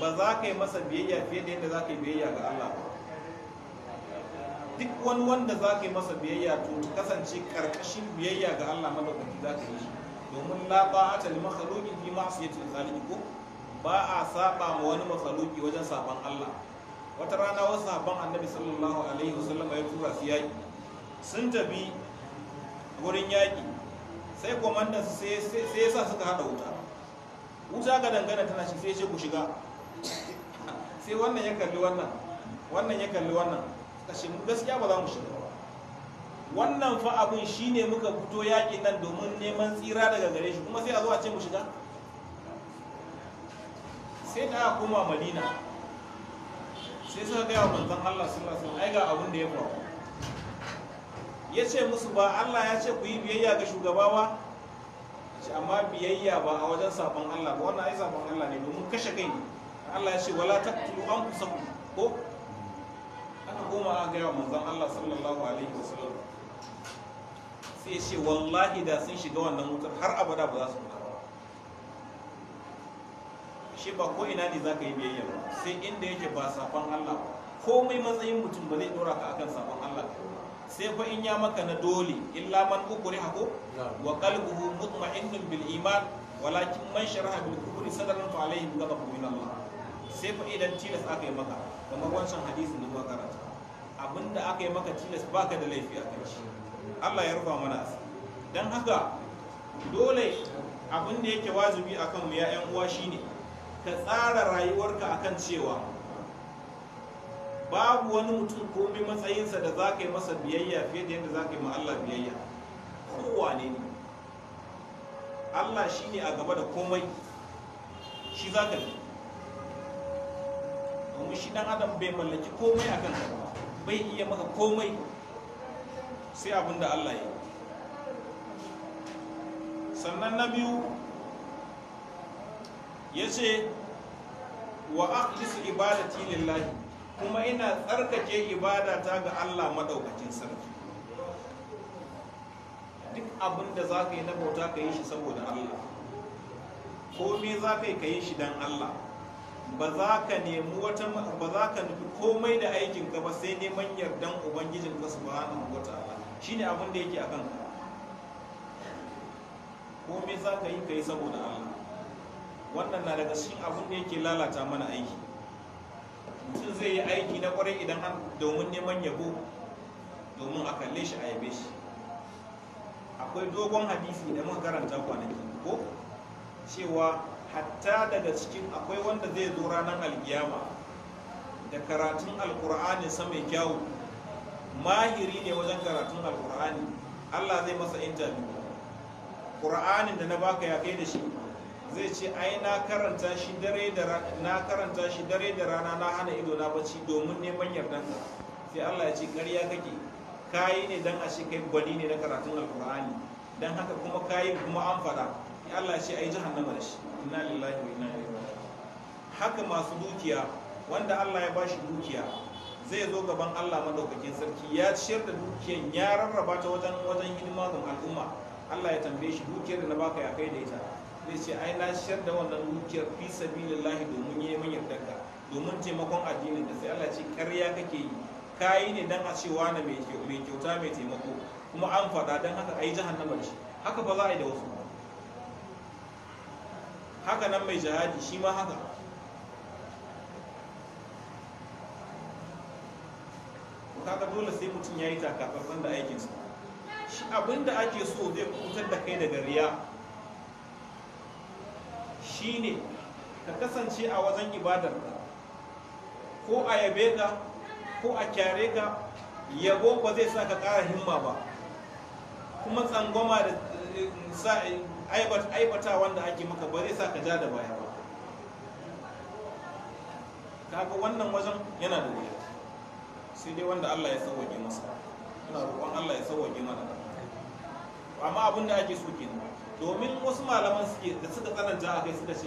ba za ka yi masa biyayya fiye da yadda za ka yi biyayya ga Allah ba duk wani wanda za ka yi masa biyayya to kasance karkashin biyayya ga Allah madaukaki za ka yi shi domin la a tali makhluqin fi ma'siyatil khaliq ko ba a saba ma wani makhluqi wajen saban Allah wata rana wasu saban annabi sallallahu alaihi wasallam ya tura su yaki sun tafi wurin yaki sai komandan su sai ya sa suka hada wuta wuta ga dangana tana shi sai ya ce ku shiga sai wannan ya kalli wannan wannan ya kalli wannan kashe mu gaskiya ba za mu shiga ba wannan fa abin shine muka fito yaƙi nan domin neman tsira daga gare shi kuma sai a zo a ce mu shiga sai ta koma madina sai suka gaya wa manzon Allah sallallahu alaihi wasallam ai ga abin da ya faru ya ce musu ba Allah ya ce ku yi biyayya ga shugabawa ce amma biyayya ba a wajen sabon Allah ba wannan ai sabon Allah ne domin kashe kai ne Allah ya ce wala taqtulu anfusakum ko aka goma a gaya manzon Allah sallallahu alaihi wasallam sai ce wallahi da sun shiga wannan wutar har abada ba za su mutu ba shi ba ko ina ne za ka yi biyayya ba sai inda yake ba safan Allah komai matsayin mutum ba zai dora ka akan safan Allah sai fa in ya maka na dole illa man kukuri hako wa kalbuhu mutma'innun bil iman walakin man sharaha bil kufri sadran fa alaihim ghadabun min Allah sai fa idan tilas aka yi maka kamar wancan hadisi na karanta abinda aka yi maka tilas baka da laifi a kai shi Allah ya rufa mana asiri dan haka dole abin da yake wajibi akan mu ya uwa shine ka tsara rayuwarka akan cewa babu wani mutum ko bi matsayinsa da za ka yi masa biyayya fiye da yadda za ka yi ma Allah biyayya kowane ne Allah shi ne a gaba da komai shi za ka bi domin shi dan adam bai mallaki komai a kan bai iya maka komai sai abin da Allah ya sannan na biyu ya ce wa akhlisu ibadati lillahi kuma ina tsarkake ibadata ga Allah madaukakin sarki duk abin da za ka yi na bauta ka yi shi saboda Allah ko me za ka yi ka yi shi dan Allah ba za ka nemi wata ba za ka nufi komai da aikin ka ba sai neman yardan ubangijin ka subhanahu wataala shine abin da yake akan ka komai za ka yi ka yi saboda Allah wannan na daga cikin abin da yake lalata mana aiki mutum zai yi aiki na kwarai idan an domin neman yabo domin a kalle shi a yabe shi akwai dogon hadisi da muka karanta kwanaki ko cewa hatta daga cikin akwai wanda zai zo ranar alkiyama da karatun alkur'ani sama mai kyawu mahiri ne wajen karatun alkur'ani allah zai masa interview kur'anin da na baka ya kai da shi zai ce ai na karanta shi dare da na karanta shi dare da rana na hana ido na bacci domin neman yardan ka sai Allah ya ce ƙarya kake kayi ne dan a shi kai gwani ne na karatun alkur'ani dan haka kuma kayi kuma an fada Allah ce ai jahannama da shi inna lillahi wa inna ilaihi haka masu dukiya wanda Allah ya bashi dukiya zai zo gaban Allah madaukakin sarki ya ciyar da dukiyan ya rarraba ta wajen wajen hidima ga al'umma Allah ya tambaye shi dukiyar da na baka ya kai da ita zai ce ai na ciyar da wannan dukiyar fi sabilillahi domin yayi min yardarka domin taimakon addinin da sai Allah ce karya kake yi kayi ne dan a cewa na mai kyauta mai taimako kuma an faɗa dan haka ai jahannama da shi haka ba za a yi da wasu ba. haka nan mai jihadi shi ma haka kaka dole sai mutum ya yi takafafan da aikinsa shi abinda ake so zai kutar da kai daga riya ne ka kasance a wajen ibadarka ko a yabe ka ko a kyare ka yabo ba zai sa ka kara himma ba kuma tsangwama da eh, eh, aibata wanda ake maka ba zai sa ka ja da baya ba kaga wannan wajen yana da wuya sai dai wanda Allah ya sauwaje masa ina roƙon Allah ya sauwaje mana amma abin da ake so kenan domin wasu malaman suke da suka tsananta a kai suka ce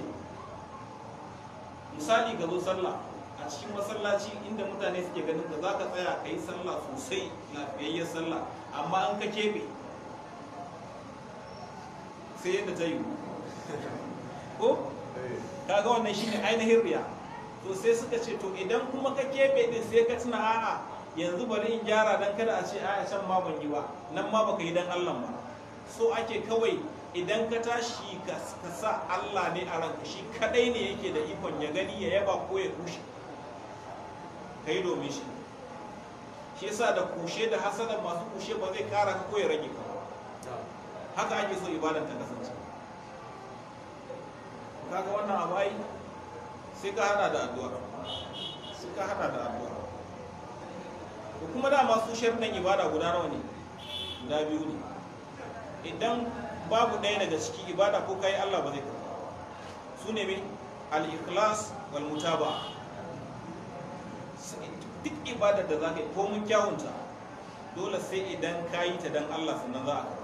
misali ga zo sallah a cikin masallaci inda mutane suke ganin da za ka tsaya ka yi sallah sosai lafiyayyar sallah amma an ka kebe sai yadda ta yi ko kaga wannan shine ainihin riya to sai suka ce to idan kuma ka kebe din sai ka tuna a'a yanzu bari in gyara dan kada a ce a'a can ma ban yi ba nan ma baka yi dan Allah ba so ake kawai idan ka tashi ka sa Allah ne a ranka shi kadai ne yake da ikon ya gani ya yaba ko ya kushe kai domin shi shi yasa da kushe da hasada masu kushe ba zai kara ka ko ya rage ka haka ake so ibadar ta kasance kaga wannan abu ai sai ka hada da addu'a sai ka hada da addu'a ko kuma da masu nan ibada guda nawa ne guda biyu ne idan babu ɗaya daga ciki ibada ko kai Allah ba zai karɓa su ne me al-ikhlas wal mutaba duk ibadar da zaka yi ko mun kyawunta dole sai idan kayi ta dan Allah sannan za a karɓa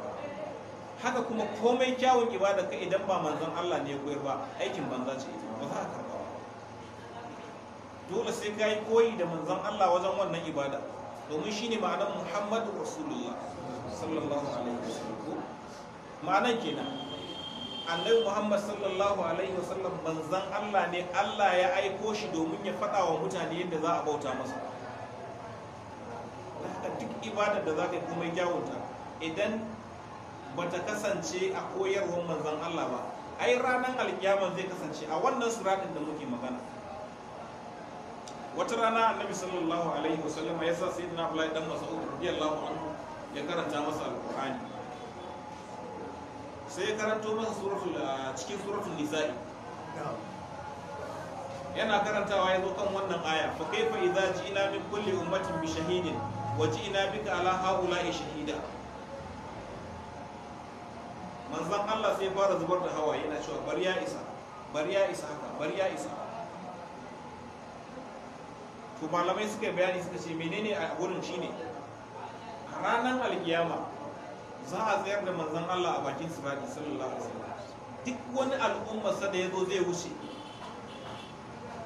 haka kuma komai kyawun ibada ka idan ba manzon Allah ne ya koyar ba aikin banza ce ita ba za ka karba dole sai ka yi koyi da manzon Allah wajen wannan ibada domin shine ma'anar Muhammadu Rasulullah sallallahu alaihi wasallam ma'anar kenan annabi muhammad sallallahu alaihi wasallam manzan allah ne allah ya aiko shi domin ya faɗa wa mutane yadda za a bauta masa duk ibadar da za ta yi kuma kyawunta idan bata kasance a koyarwar manzon Allah ba ai ranar alkiyama zai kasance a wannan suratin da muke magana wata rana annabi sallallahu alaihi wasallam ya sa sayyidina Abdullahi dan Mas'ud radiyallahu anhu ya karanta masa alqur'ani sai ya karanto masa suratul cikin suratul nisa'i yana karantawa ya zo kan wannan aya fa kaifa idza ji'na min kulli ummatin bi shahidin wa ji'na bika ala haula'i shahida manzan Allah sai fara zubar da hawa, yana cewa bari ya isa bari ya isa haka bari ya isa to malamai suka yi bayani suka ce menene a shi shine a ranar alkiyama za a tsayar da manzan Allah a bakin sirati sallallahu alaihi wasallam duk wani al'ummar sa da yazo zai wuce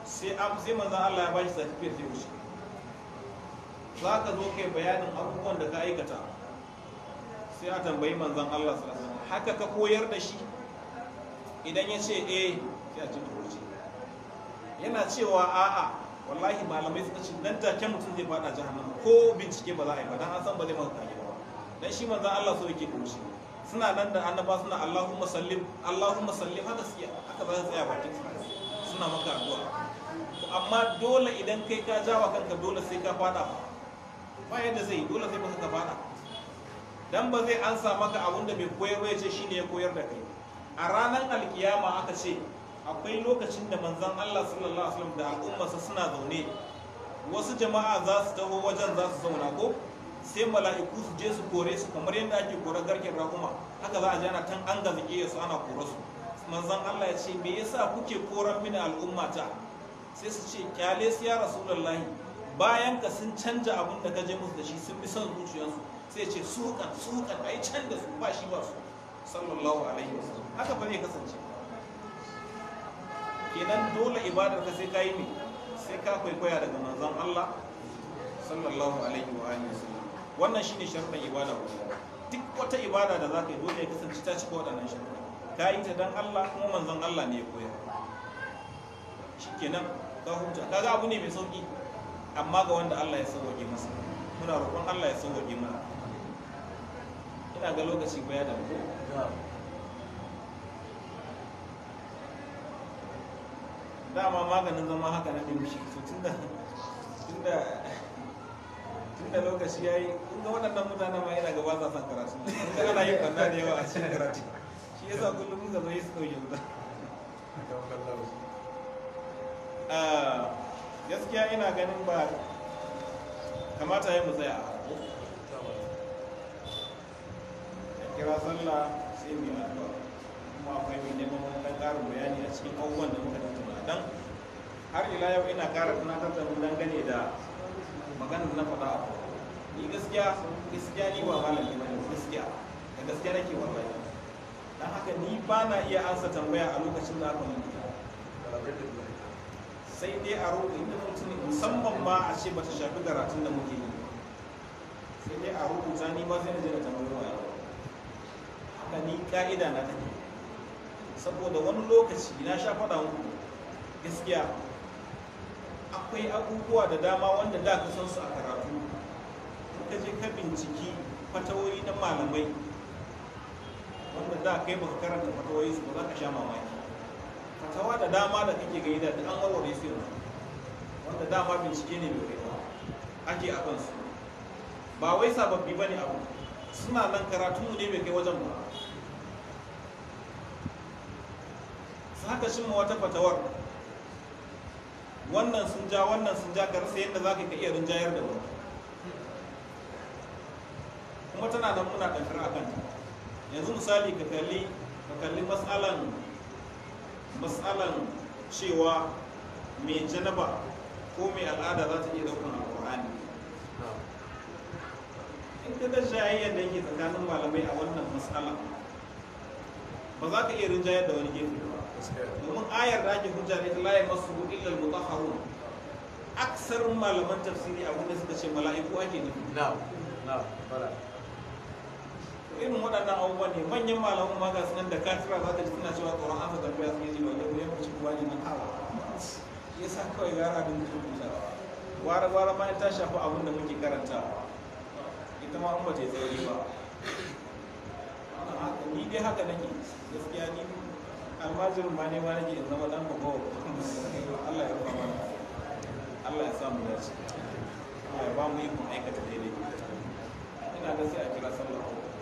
sai am sai manzan Allah ya bashi certificate zai wuce za ka zo kai bayanin abubuwan da ka aikata sai a tambayi manzon Allah sallallahu alaihi haka ka koyar da shi idan ya ce eh sai a ci turuci yana cewa a'a wallahi malamai suka ce nan take mutum zai fada jahannama ko bincike ba za a yi ba dan an san ba zai maka kage ba dan shi manzon Allah so yake turuci suna nan da annaba suna Allahumma sallim Allahumma sallim haka suke haka za su tsaya bakin suna maka addu'a amma dole idan kai ka jawa kanka dole sai ka fada ba yadda zai dole sai ba ka fada dan ba zai ansa maka abin da mai koyarwa ya ce shine ya koyar da kai a ranar alkiyama aka ce akwai lokacin da manzon Allah sallallahu alaihi wasallam da al'ummarsa suna zaune wasu jama'a za su taho wajen za su zauna ko sai mala'iku su je su kore su kamar yadda ake kore garkin raguma haka za a ji ana tan an gazike su ana kore su manzon Allah ya ce me yasa kuke koran mini al'umma ta sai su ce kyale su ya rasulullahi bayan ka sun canja abin da ka je musu da shi sun bi son zuciyarsu sai ce sukan sukan a yi can da su ba shi ba su sallallahu alaihi sallam haka ba zai kasance kenan dole ibadar ka sai ka yi ne sai ka kwaikwaya daga manzon Allah sallallahu alaihi wa sallam wannan shine sharuɗin ibada shi. duk wata ibada da zaka yi dole ya kasance ta cika waɗannan sharuɗa ka yi ta dan Allah kuma manzon Allah ne ya koya shikenan ka huta kaga abu ne mai sauki amma ga wanda Allah ya sauke masa muna roƙon Allah ya sauke mana ina ga lokaci ba ya damu dama maganin zama haka na nemi shi to tunda tunda tunda lokaci yayi kun ga waɗannan mutanen ma yana gaba sa san karatu kun ana yin kanna da yawa a cikin karatu shi yasa kullum ga zai yi su ɗauke wuta gaskiya ina ganin ba kamata ya mu tsaya kira sallah sai mu yi addu'a kuma akwai mai neman wannan karin bayani a cikin abubuwan da muka tattauna dan har ila yau ina ƙara tunatar da mu dangane da maganar na faɗa a ni gaskiya gaskiya ni ba malami bane gaskiya da gaskiya nake wallahi dan haka ni ba na iya ansa tambaya a lokacin da aka mun sai dai a roƙo inda mutum musamman ba a ce bata shafi garatun da muke yi sai dai a rubuta ni ba sai na je na tambayoyi ni ka'ida na take saboda wani lokaci na sha faɗa muku gaskiya akwai abubuwa da dama wanda da ka san su a karatu ka je ka binciki fatawoyi na malamai wanda da kai baka karanta fatawoyi su ba za ka sha mamaki fatawa da dama da kake gani da an warware su yanzu wanda dama bincike ne mai kaiwa ake a kansu ba wai sababbi ba ne abu suna nan karatu ne mai kai wajen ba haka shi ma wata fatawar wannan sun ja wannan sun ja karsa yadda za ka iya rinjayar da wani kuma tana da muna ɗaukar a kanta yanzu misali ka kalli ka kalli matsalan matsalan cewa mai janaba ko mai al'ada za ta iya ɗaukar alƙur'ani in ka ga yi yadda yake tsakanin malamai a wannan matsala ba za ka iya rinjayar da wani gefe ba domin ayar da ake hujja ne la yamassuhu illa al-mutahharun aksarin malaman tafsiri abin da suka ce mala'iku ake ne na'am na'am fara irin waɗannan abubuwa ne manyan malaman ma ga nan da katira za ta ji suna cewa tsoron an fasa biya sun yi da ne kuma yawanci kuwa ne nan hawa ya sa kawai gara abin da rubuta wara wara ma ta shafi abin da muke karantawa ita ma an ba ta yi tsauri ba ni dai haka nake gaskiya ni almajirin ba ne ma nake in zama dan bako Allah ya kuma Allah ya samu dace Allah ya ba mu aikata daidai ina ga sai a kira sallah